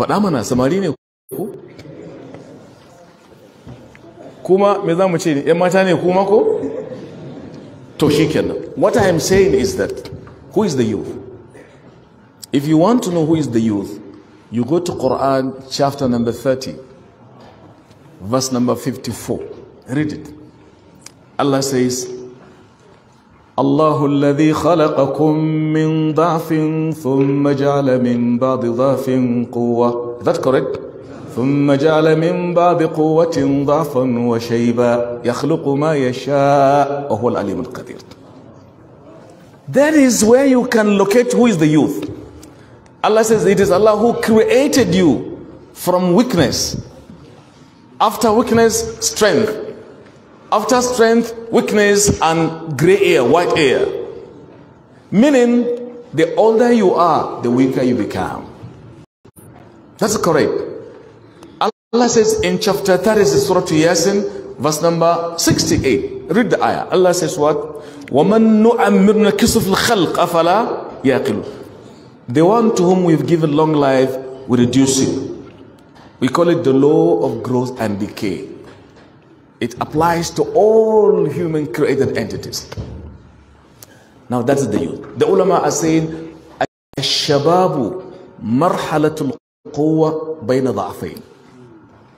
faɗa mana samari ne ko kuma me za mu ce ne 'yan mata ne kuma ko to shi kenan what i am saying is that who is the youth if you want to know who is the youth you go to quran chapter number 30 verse number 54 read it allah says الله الذي خلقكم من ضعف ثم جعل من بعض ضعف قوة Is that correct? ثم جعل من بعض قوة ضعفا وشيبا يخلق ما يشاء وهو العليم القدير That is where you can locate who is the youth. Allah says it is Allah who created you from weakness. After weakness, strength. After strength, weakness, and gray hair, white hair. Meaning, the older you are, the weaker you become. That's correct. Allah says in chapter 36, Surah Yasin, verse number 68. Read the ayah. Allah says what? وَمَن نُعَمِّرْنَا كِسُفُ الْخَلْقِ أَفَلَا يَعْقِلُ The one to whom we've given long life, we reduce him. We call it the law of growth and decay. It applies to all human created entities. Now that's the youth. The ulama are saying, الشباب مرحلة القوة bayna ضعفين.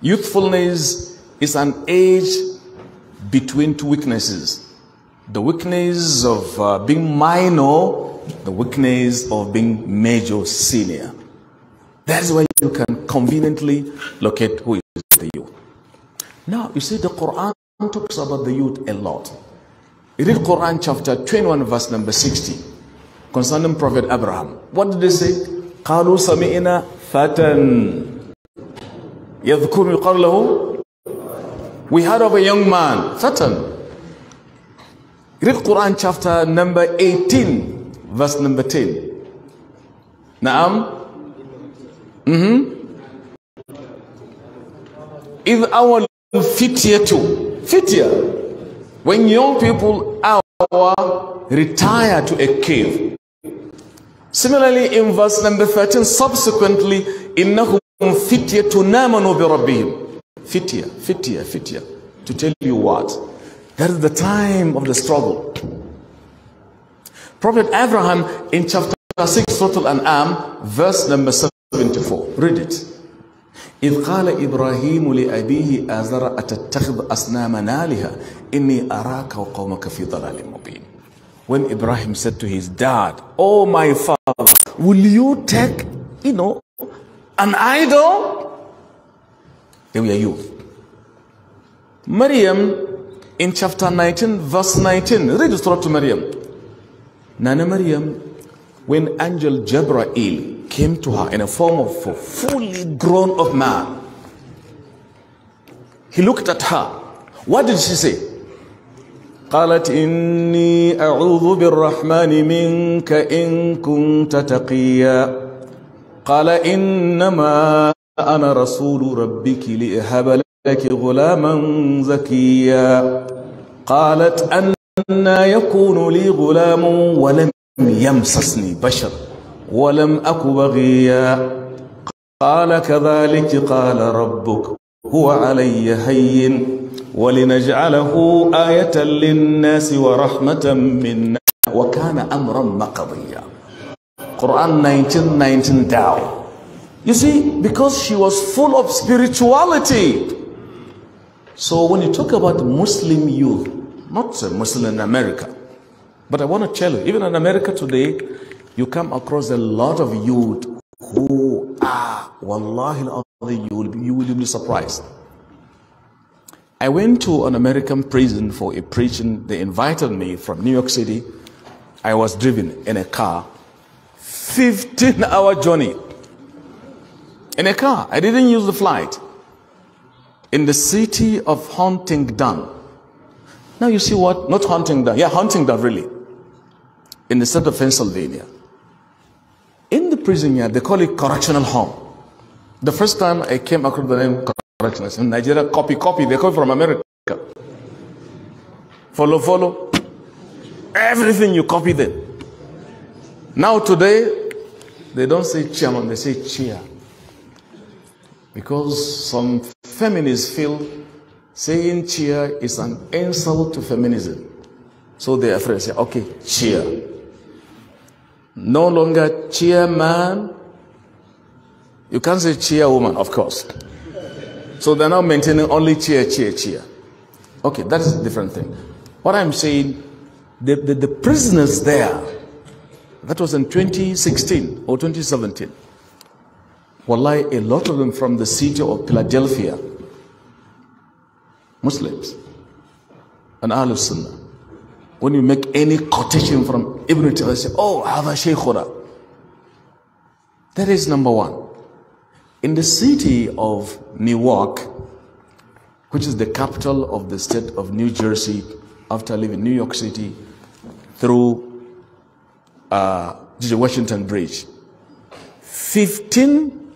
Youthfulness is an age between two weaknesses. The weakness of uh, being minor, the weakness of being major senior. That's where you can conveniently locate who is the youth. Now, you see, the Quran talks about the youth a lot. read Quran chapter 21, verse number 60, concerning Prophet Abraham. What did they say? قالوا سمعنا فتى يذكر يقال له We heard of a young man, فتى Read Quran chapter number 18, verse number 10. Naam? Mm-hmm. إذ أول fit here too. Fit here. When young people are retire to a cave. Similarly, in verse number 13, subsequently, إِنَّهُمْ فِتْيَةٌ آمَنُوا بِرَبِّهِمْ Fitya, fitya, fitya. To tell you what? That is the time of the struggle. Prophet Abraham in chapter 6, Surah Al-An'am, verse number 74. Read it. إذ قال إبراهيم لأبيه آزر أتتخذ أصناما آلهة إني أراك وقومك في ضلال مبين When Ibrahim said to his dad, Oh my father, will you take, you know, an idol? They were youth. Maryam in chapter 19, verse 19, read the story to Maryam. Nana Maryam, when angel Jabrail came to her in a form of a fully grown up man. He looked at her. What did she say? قالت إني أعوذ بالرحمن منك إن كنت تقيا قال إنما أنا رسول ربك لأهب لك غلاما زكيا قالت أنا يكون لي غلام ولم يمسسني بشر ولم أك بغيا قال كذلك قال ربك هو علي هين ولنجعله آية للناس ورحمة منا وكان أمرا مقضيا Quran 1919 19 down. You see, because she was full of spirituality. So when you talk about Muslim youth, not Muslim in America, but I want to tell you, even in America today, you come across a lot of youth who are, wallahi, you will, be, you will be surprised. I went to an American prison for a preaching. They invited me from New York City. I was driven in a car, 15 hour journey. In a car. I didn't use the flight. In the city of Huntingdon. Now you see what? Not Huntingdon. Yeah, Huntingdon, really. In the state of Pennsylvania prison here they call it correctional home. The first time I came across the name correctional, in Nigeria, copy, copy, they call from America. Follow, follow. Everything you copy them. Now today, they don't say chairman, they say chair. Because some feminists feel saying cheer is an insult to feminism. So they are afraid, say, okay, cheer no longer chairman. You can't say chairwoman, of course. So they're now maintaining only chair, chair, chair. Okay, that is a different thing. What I'm saying, the, the, the prisoners there, that was in 2016 or 2017. like a lot of them from the city of Philadelphia, Muslims, and Ahlul Sunnah. When you make any quotation from Ibn Taymiyyah, say, Oh, Hava Shaykhuna. That is number one. In the city of Newark, which is the capital of the state of New Jersey, after leaving New York City through uh, Washington Bridge, 15,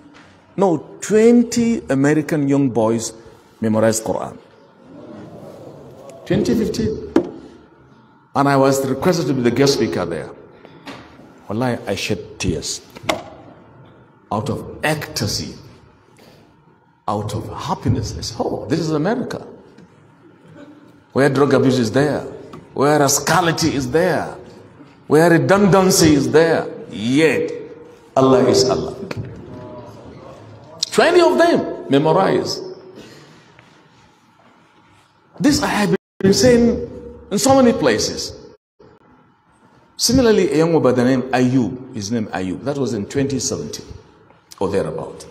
no, 20 American young boys memorized Quran. 2015. And I was requested to be the guest speaker there. Wallahi, I shed tears out of ecstasy, out of happiness. I said, oh, this is America. Where drug abuse is there, where rascality is there, where redundancy is there, yet Allah is Allah. 20 of them memorize. This I have been saying in so many places. Similarly, a young man by the name Ayub, his name Ayub, that was in 2017 or thereabout.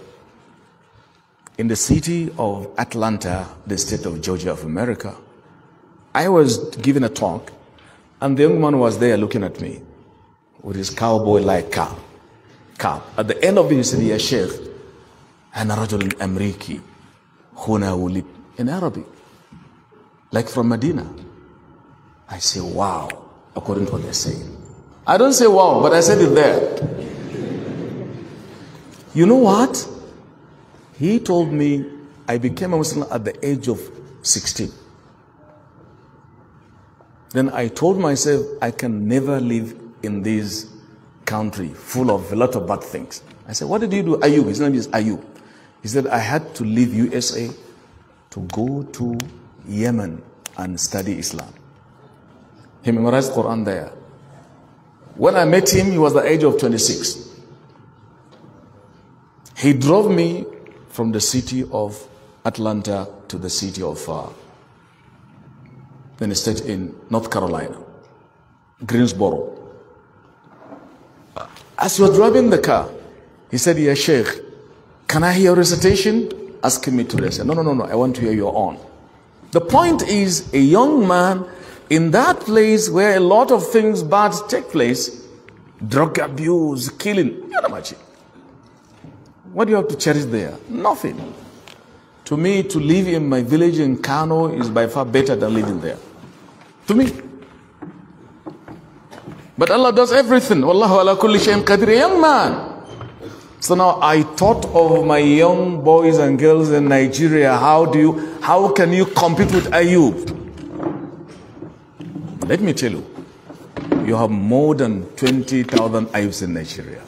In the city of Atlanta, the state of Georgia of America, I was giving a talk and the young man was there looking at me with his cowboy-like cap. cap. At the end of it, he said, Ya Sheikh, أنا رجل أمريكي هنا in Arabic, like from Medina. I say, wow, according to what they're saying. I don't say wow, but I said it there. You know what? He told me I became a Muslim at the age of 16. Then I told myself I can never live in this country full of a lot of bad things. I said, what did you do? Are you? His name is Ayub. He said, I had to leave USA to go to Yemen and study Islam. He memorized Quran there. When I met him, he was the age of 26. He drove me from the city of Atlanta to the city of uh, then a state in North Carolina, Greensboro. As he was driving the car, he said, Yeah, Sheikh, can I hear a recitation? Asking me to listen. No, no, no, no, I want to hear your own. The point is, a young man in that place where a lot of things bad take place, drug abuse, killing, what do you have to cherish there? Nothing. To me, to live in my village in Kano is by far better than living there. To me. But Allah does everything. Wallahu ala kulli shayin qadir. young man. So now I thought of my young boys and girls in Nigeria. How do you, how can you compete with Ayub? Let me tell you, you have more than 20,000 youths in Nigeria.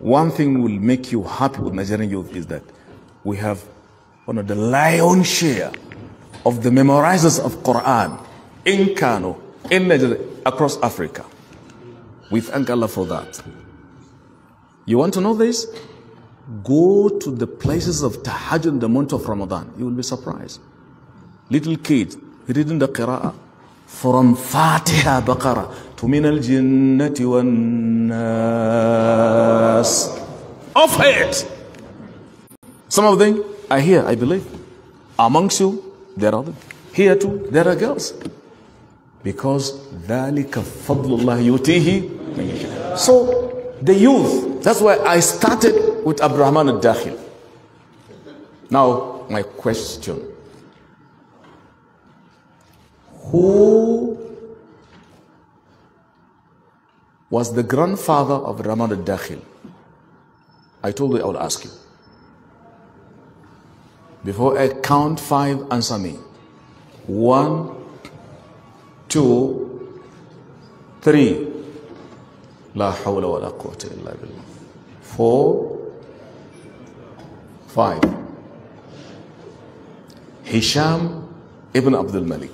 One thing will make you happy with Nigerian youth is that we have one of the lion's share of the memorizers of Quran in Kano, in Nigeria, across Africa. We thank Allah for that. You want to know this? Go to the places of Tahajjud in the month of Ramadan. You will be surprised. Little kids reading the Qur'an. from Fatiha Baqarah to al Jinnati wan Nas. of it! Some of them are here, I believe. Amongst you, there are them. Here too, there are girls. Because ذَلِكَ فَضْلُ اللَّهِ يُتِيهِ So, the youth, that's why I started with Abrahman al-Dakhil. Now, my question. who was the grandfather of Ramad al-Dakhil. I told you I will ask you. Before I count five, answer me. One, two, three. La hawla wa la quwwata illa billah. Four, five. Hisham ibn Abdul Malik.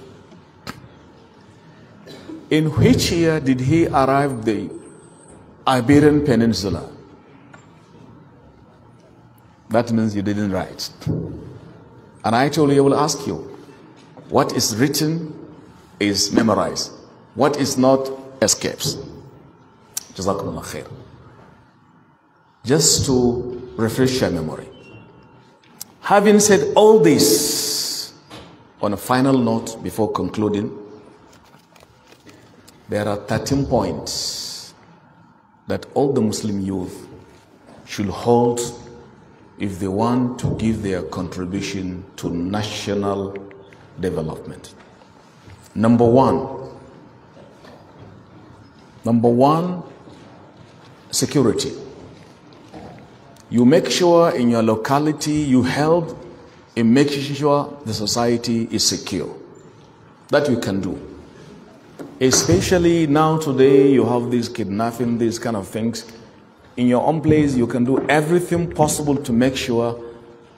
In which year did he arrive the Iberian Peninsula? That means you didn't write. And I told you, I will ask you, what is written is memorized. What is not escapes. Jazakumullah khair. Just to refresh your memory. Having said all this, on a final note before concluding, there are 13 points that all the Muslim youth should hold if they want to give their contribution to national development. Number one, number one, security. You make sure in your locality you help in making sure the society is secure. That you can do. Especially now today, you have these kidnapping, these kind of things. In your own place, you can do everything possible to make sure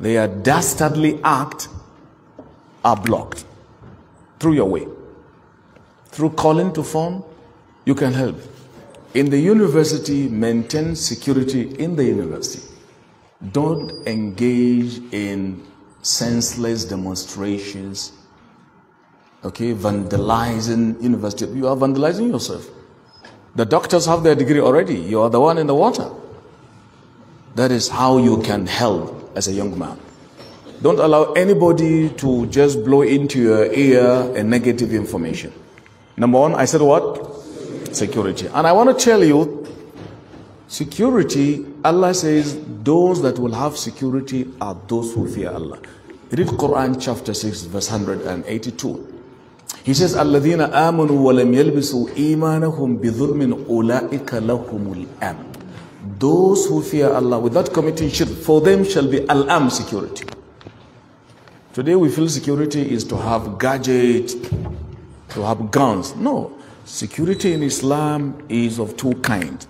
they are dastardly act are blocked through your way. Through calling to phone, you can help. In the university, maintain security in the university. Don't engage in senseless demonstrations okay, vandalizing university. You are vandalizing yourself. The doctors have their degree already. You are the one in the water. That is how you can help as a young man. Don't allow anybody to just blow into your ear a negative information. Number one, I said what? Security. And I want to tell you, security, Allah says, those that will have security are those who fear Allah. Read Quran chapter 6, verse 182. He says, Alladina amanu walam yalbisu imanahum bidhulmin ula'ika lahumul am. Those who fear Allah without committing shirk, for them shall be al-am security. Today we feel security is to have gadgets, to have guns. No, security in Islam is of two kinds.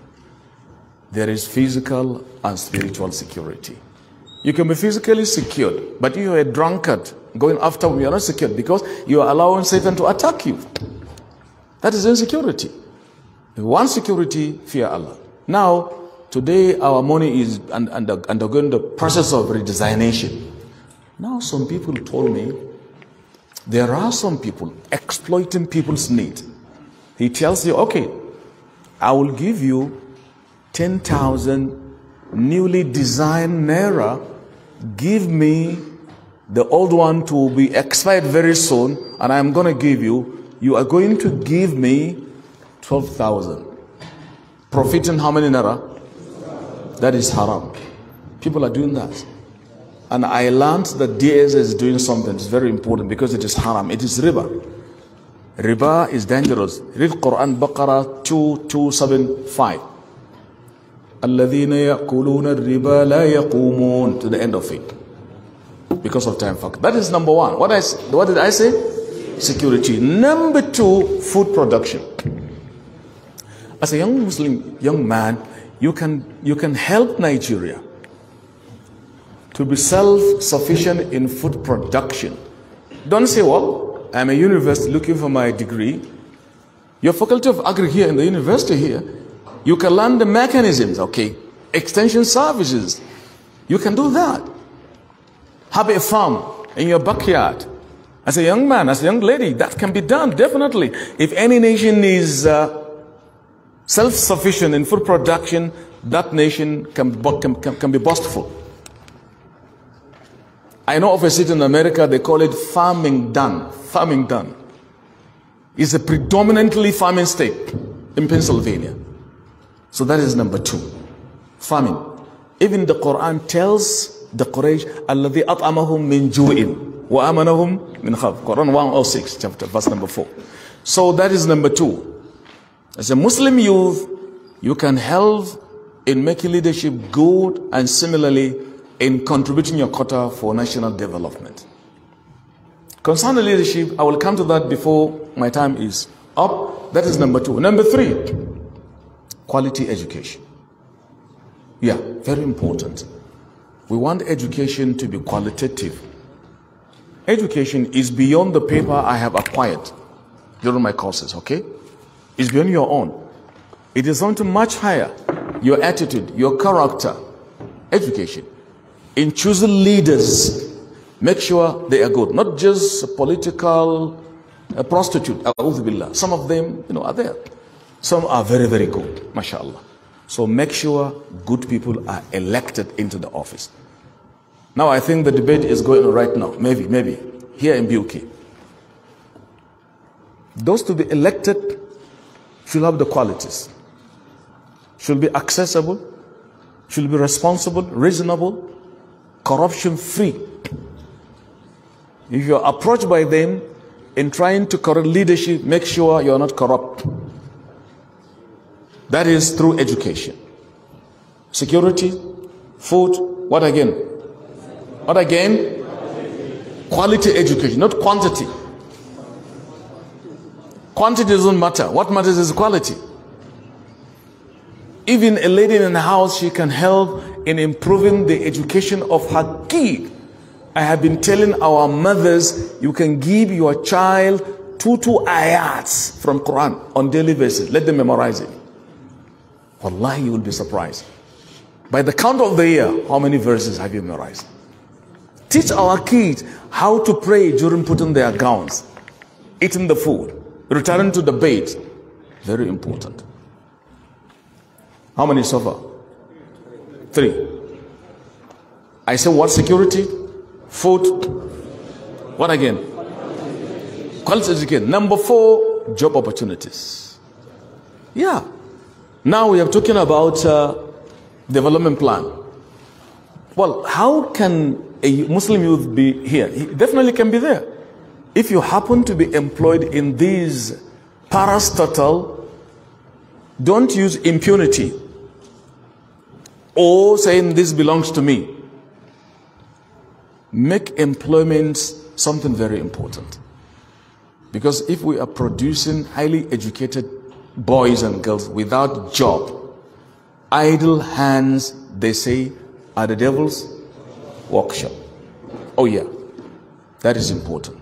There is physical and spiritual security. You can be physically secured, but you are a drunkard going after women. You are not secured because you are allowing Satan to attack you. That is insecurity. one security, fear Allah. Now, today our money is under, undergoing the process of redesignation. Now, some people told me there are some people exploiting people's need. He tells you, okay, I will give you 10,000 newly designed naira give me the old one to be expired very soon, and I'm going to give you, you are going to give me 12,000. Profiting how many naira? That is haram. People are doing that. And I learned that DSA is doing something. It's very important because it is haram. It is riba. Riba is dangerous. Read Quran Baqarah 2275. الَّذِينَ يَأْكُلُونَ الرِّبَا لَا يَقُومُونَ To the end of it. Because of time factor. That is number one. What, I, what did I say? Security. Number two, food production. As a young Muslim, young man, you can, you can help Nigeria to be self-sufficient in food production. Don't say, well, I'm a university looking for my degree. Your faculty of agri here in the university here you can learn the mechanisms, okay? Extension services. You can do that. Have a farm in your backyard. As a young man, as a young lady, that can be done, definitely. If any nation is uh, self-sufficient in food production, that nation can, can, can, can be boastful. I know of a city in America, they call it farming done. Farming done. It's a predominantly farming state in Pennsylvania. So that is number two. Famine. Even the Quran tells the Quraysh, atamahum min مِنْ wa amanahum min خَوْفٍ Quran 106, chapter, verse number 4. So that is number two. As a Muslim youth, you can help in making leadership good and similarly in contributing your quota for national development. Concerning leadership, I will come to that before my time is up. That is number two. Number three, quality education. Yeah, very important. We want education to be qualitative. Education is beyond the paper I have acquired during my courses, okay? It's beyond your own. It is something much higher. Your attitude, your character, education. In choosing leaders, make sure they are good, not just political a uh, prostitute, some of them, you know, are there. Some are very, very good, mashallah. So make sure good people are elected into the office. Now I think the debate is going on right now, maybe, maybe, here in Buki. Those to be elected should have the qualities, should be accessible, should be responsible, reasonable, corruption free. If you are approached by them in trying to corrupt leadership, make sure you are not corrupt. That is through education. Security, food, what again? What again? Quality education, not quantity. Quantity doesn't matter. What matters is quality. Even a lady in the house, she can help in improving the education of her kid. I have been telling our mothers, you can give your child two two ayats from Quran on daily basis. Let them memorize it. Wallahi, you will be surprised. By the count of the year, how many verses have you memorized? Teach our kids how to pray during putting their gowns, eating the food, returning to the bed. Very important. How many so far? Three. I say what security? Food. What again? Quality education. Number four, job opportunities. Yeah. Now we are talking about uh, development plan. Well, how can a Muslim youth be here? He definitely can be there. If you happen to be employed in these parastatal, don't use impunity or saying this belongs to me. Make employment something very important. Because if we are producing highly educated boys and girls without job. Idle hands, they say, are the devil's workshop. Oh, yeah, that is important.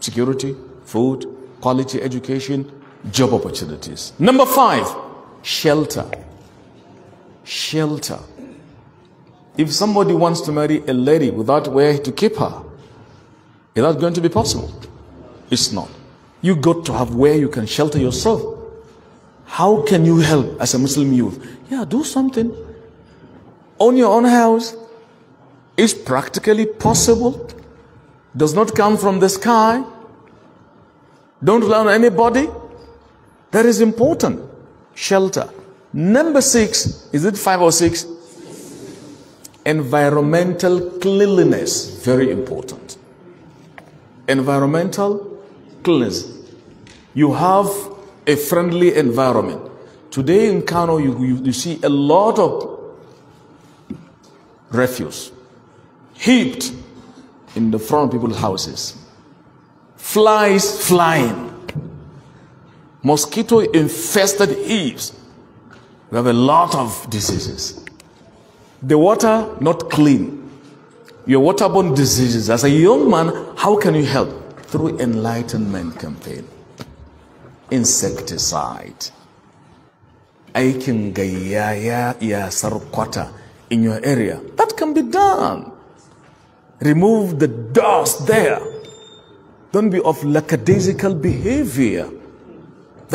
Security, food, quality education, job opportunities. Number five, shelter. Shelter. If somebody wants to marry a lady without where to keep her, is that going to be possible? It's not. You got to have where you can shelter yourself. How can you help as a Muslim youth? Yeah, do something. Own your own house. It's practically possible. Does not come from the sky. Don't rely on anybody. That is important. Shelter. Number six, is it five or six? Environmental cleanliness. Very important. Environmental cleanliness. You have a friendly environment. Today in Kano, you, you, you see a lot of refuse heaped in the front of people's houses. Flies flying. Mosquito infested heaps. We have a lot of diseases. The water not clean. Your waterborne diseases. As a young man, how can you help? through enlightenment campaign insecticide aikin gayyaya ya kwata in your area that can be done remove the dust there don't be of lackadaisical behavior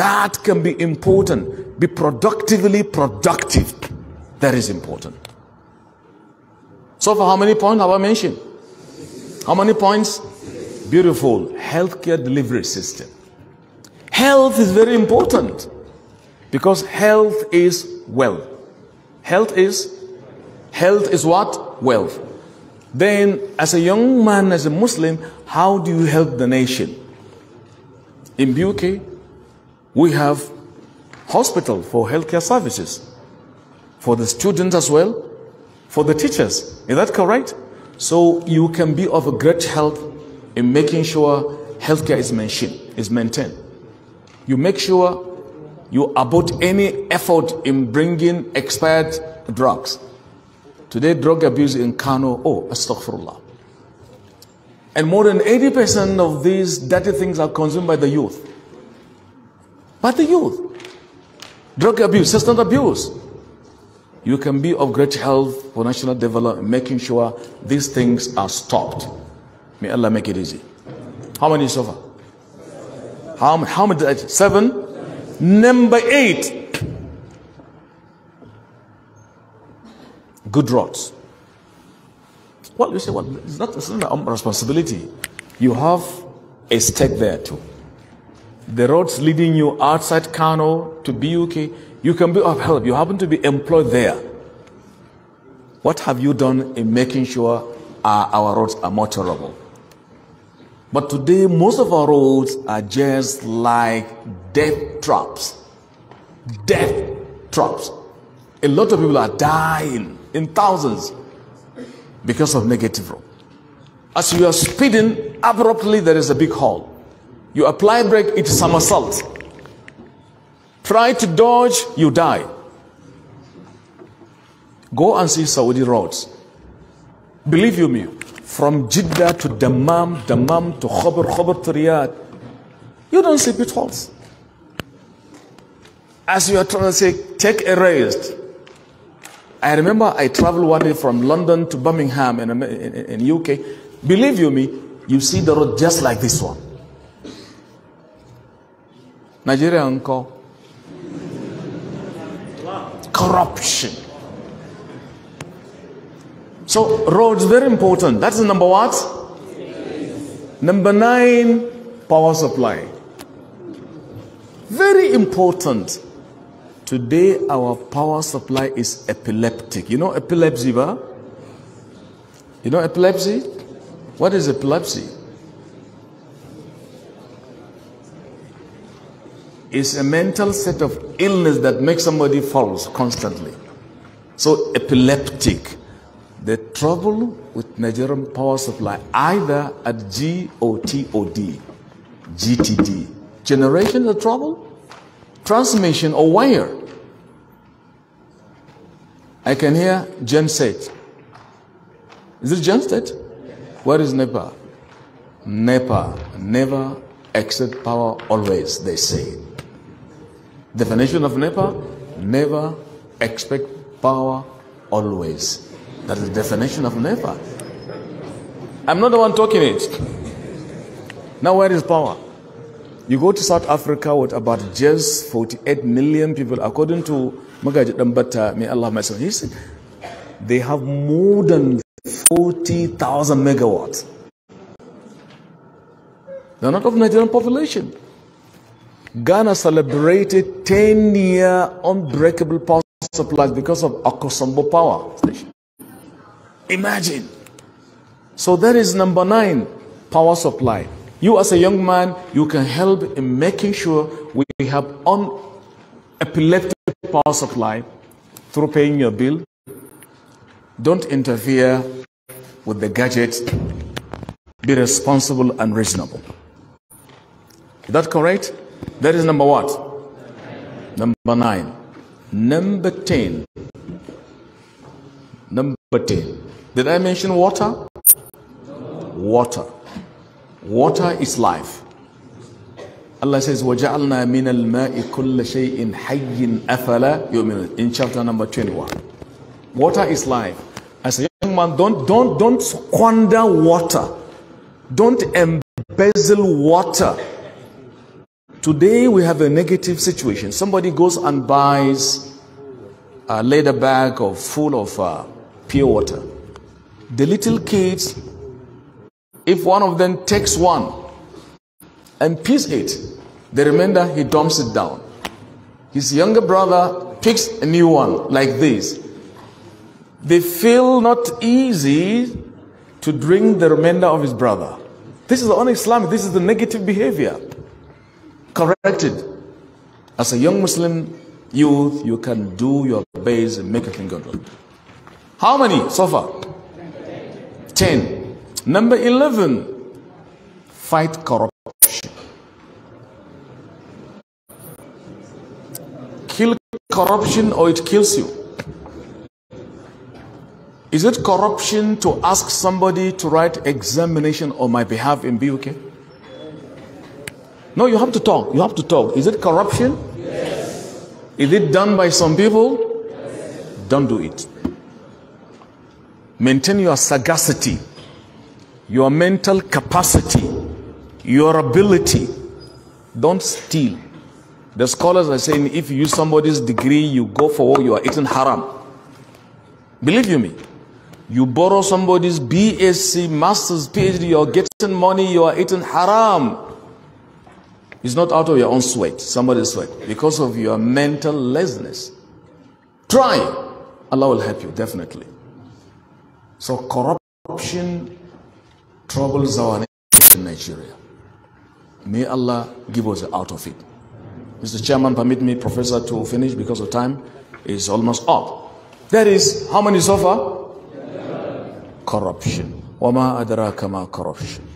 that can be important be productively productive that is important so for how many points have i mentioned how many points beautiful healthcare delivery system. Health is very important because health is wealth. Health is health is what? Wealth. Then as a young man, as a Muslim, how do you help the nation? In Buki, we have hospital for healthcare services, for the students as well, for the teachers. Is that correct? So you can be of a great help in making sure healthcare is maintained. Is maintained. You make sure you abort any effort in bringing expired drugs. Today, drug abuse in Kano, oh, astaghfirullah. And more than 80% of these dirty things are consumed by the youth. By the youth. Drug abuse, system abuse. You can be of great help for national development, making sure these things are stopped. May Allah make it easy. How many so far? How, how many Seven? Number eight. Good roads. Well, you say, well, it's not, it's not my responsibility. You have a stake there too. The roads leading you outside Kano to BUK, you can be of help. You happen to be employed there. What have you done in making sure our, our roads are more tolerable? But today, most of our roads are just like death traps. Death traps. A lot of people are dying in thousands because of negative road. As you are speeding, abruptly there is a big hole. You apply brake, it somersaults. Try to dodge, you die. Go and see Saudi roads. Believe you me, from Jeddah to Dammam, Dammam to Khobar, Khobar to Riyadh. You don't sleep, pitfalls. As you are trying to say, take a rest. I remember I traveled one day from London to Birmingham in, in, in UK. Believe you me, you see the road just like this one. Nigeria uncle. Corruption. So roads, very important. That's number what? Number nine, power supply. Very important. Today our power supply is epileptic. You know epilepsy, ba? You know epilepsy? What is epilepsy? It's a mental set of illness that makes somebody false constantly. So epileptic the trouble with Nigerian power supply either at G or T or Generation the trouble, transmission or wire. I can hear said. Is it said? Where is NEPA? NEPA, never expect power always, they say. Definition of NEPA, never expect power always. That is the definition of never. I'm not the one talking it. Now, where is power? You go to South Africa with about just 48 million people, according to Magaji Dambata, may Allah bless He said they have more than 40,000 megawatts. They're not of Nigerian population. Ghana celebrated 10 year unbreakable power supplies because of Akosombo power station. Imagine. So that is number nine, power supply. You as a young man, you can help in making sure we have uninterrupted power supply through paying your bill. Don't interfere with the gadgets. Be responsible and reasonable. Is that correct? That is number what? Number nine. Number ten. Number ten. Did I mention water? Water. Water is life. Allah says, وَجَعَلْنَا مِنَ الْمَاءِ كُلَّ شَيْءٍ حَيٍّ أَفَلَا In chapter number 21. Water is life. As a young man, don't, don't, don't squander water. Don't embezzle water. Today we have a negative situation. Somebody goes and buys a leather bag of full of uh, pure water. The little kids, if one of them takes one and pees it, the remainder he dumps it down. His younger brother picks a new one like this. They feel not easy to drink the remainder of his brother. This is the un-Islamic, this is the negative behavior. Corrected. As a young Muslim youth, you can do your best and make a thing go wrong. How many so far? 10. Number 11, fight corruption. Kill corruption or it kills you. Is it corruption to ask somebody to write examination on my behalf in BUK? No, you have to talk. You have to talk. Is it corruption? Yes. Is it done by some people? Yes. Don't do it. Maintain your sagacity, your mental capacity, your ability. Don't steal. The scholars are saying if you use somebody's degree, you go for what you are eating haram. Believe you me. You borrow somebody's BSc, master's, PhD, you're getting money, you are eating haram. It's not out of your own sweat, somebody's sweat, because of your mental laziness. Try. Allah will help you, definitely. So corruption troubles our nation in Nigeria. May Allah give us out of it. Mr. Chairman, permit me, Professor, to finish because the time is almost up. That is, how many so far? Corruption. وَمَا adraka ma corruption.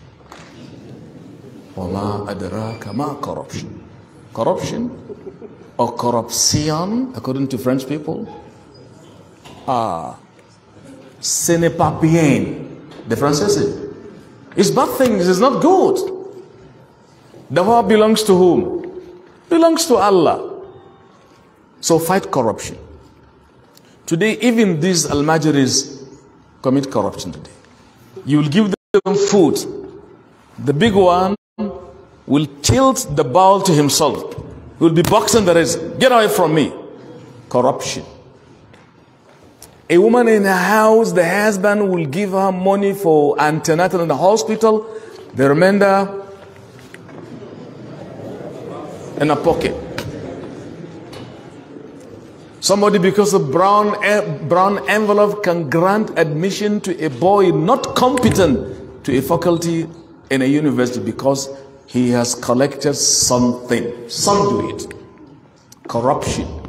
وَمَا adraka ma corruption. Corruption or corruption, according to French people, ah ce n'est pas bien. The French It's bad things, it's not good. The war belongs to whom? Belongs to Allah. So fight corruption. Today, even these Almajiris commit corruption today. You will give them food. The big one will tilt the bowl to himself. He will be boxing the rest. Get away from me. Corruption. A woman in a house, the husband will give her money for antenatal in the hospital, the remainder in a pocket. Somebody, because a brown, eh, brown envelope can grant admission to a boy not competent to a faculty in a university because he has collected something. Some do it. Corruption.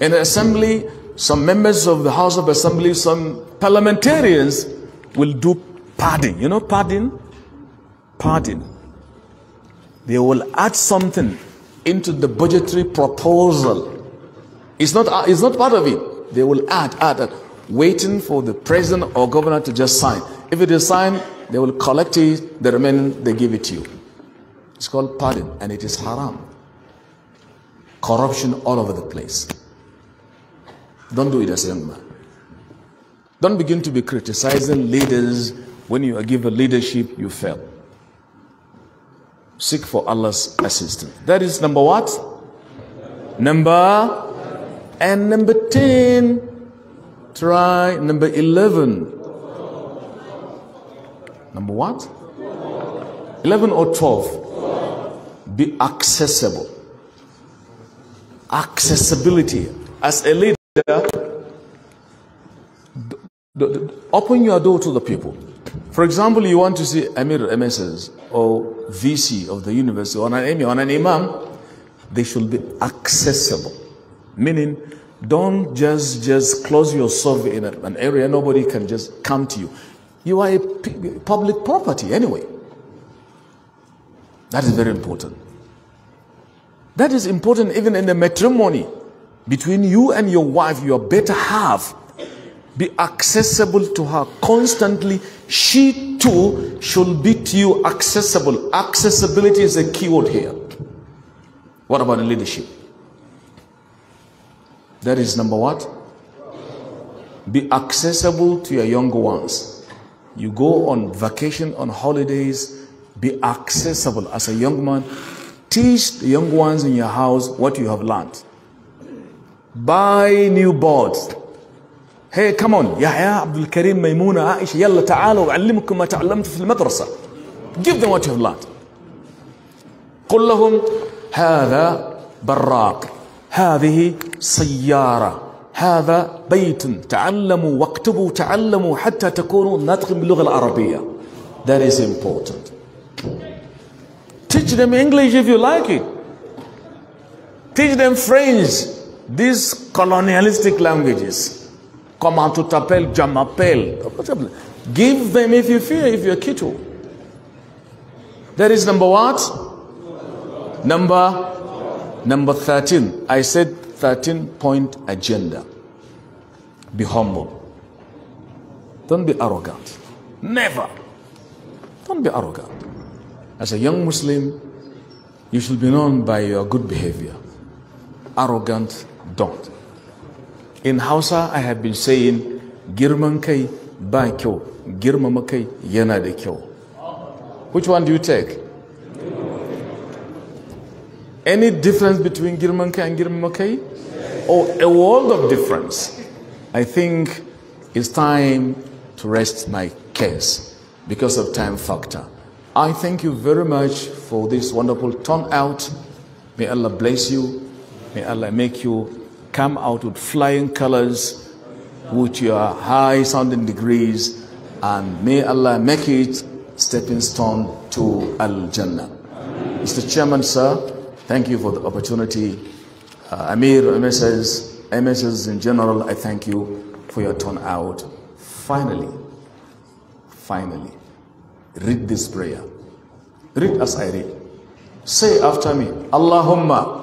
In the assembly, some members of the House of Assembly, some parliamentarians will do padding. You know padding? Padding. They will add something into the budgetary proposal. It's not, uh, it's not part of it. They will add, add, add, waiting for the president or governor to just sign. If it is signed, they will collect it, the remaining, they give it to you. It's called pardon, and it is haram. Corruption all over the place. Don't do it as a young man. Don't begin to be criticizing leaders when you are given leadership, you fail. Seek for Allah's assistance. That is number what? Number and number 10. Try number 11. Number what? 11 or 12. Be accessible. Accessibility. As a leader, there, the, the, open your door to the people. For example, you want to see Amir MSS or VC of the university or an or an Imam, they should be accessible. Meaning, don't just just close yourself in an area nobody can just come to you you are a public property anyway that is very important that is important even in the matrimony between you and your wife, your better half, be accessible to her constantly. She too should be to you accessible. Accessibility is a key word here. What about the leadership? That is number what? Be accessible to your younger ones. You go on vacation, on holidays, be accessible as a young man. Teach the young ones in your house what you have learned. buy new boards هي hey, كمون يا عبد الكريم ميمونة عائشة يلا تعالوا أعلمكم ما تعلمت في المدرسة give them what you've learned قل لهم هذا براق هذه سيارة هذا بيت تعلموا واكتبوا تعلموا حتى تكونوا ناطقين باللغة العربية that is important teach them English if you like it teach them French These colonialistic languages, Komatutapel, Jamapel, give them if you fear, if you're Kitu. That is number what? Number, number 13. I said 13 point agenda. Be humble. Don't be arrogant. Never. Don't be arrogant. As a young Muslim, you should be known by your good behavior. Arrogant don't. In Hausa, I have been saying, girman kai ba kyau, girmama kai yana da kyau. Which one do you take? Any difference between girman kai and girmama kai? Or oh, a world of difference? I think it's time to rest my case because of time factor. I thank you very much for this wonderful turnout. May Allah bless you May Allah make you come out with flying colors, with your high sounding degrees, and may Allah make it stepping stone to Al Jannah. Mr. Chairman, sir, thank you for the opportunity. Uh, Amir, MSS, MSS in general, I thank you for your turnout. Finally, finally, read this prayer. Read as I read. Say after me, Allahumma.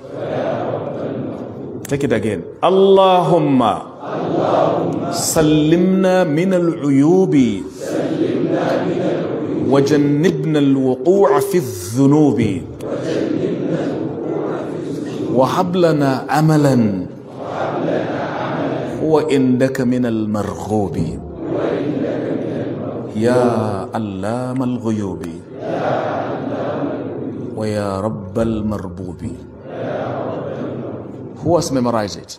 Take it again. Allahumma sallimna min al-uyubi وجنبنا الوقوع في الذنوب وهب لنا عملا هو عندك من المرغوب يا علام الغيوب ويا رب المربوب Who has memorized it?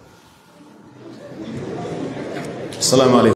Assalamu alaikum.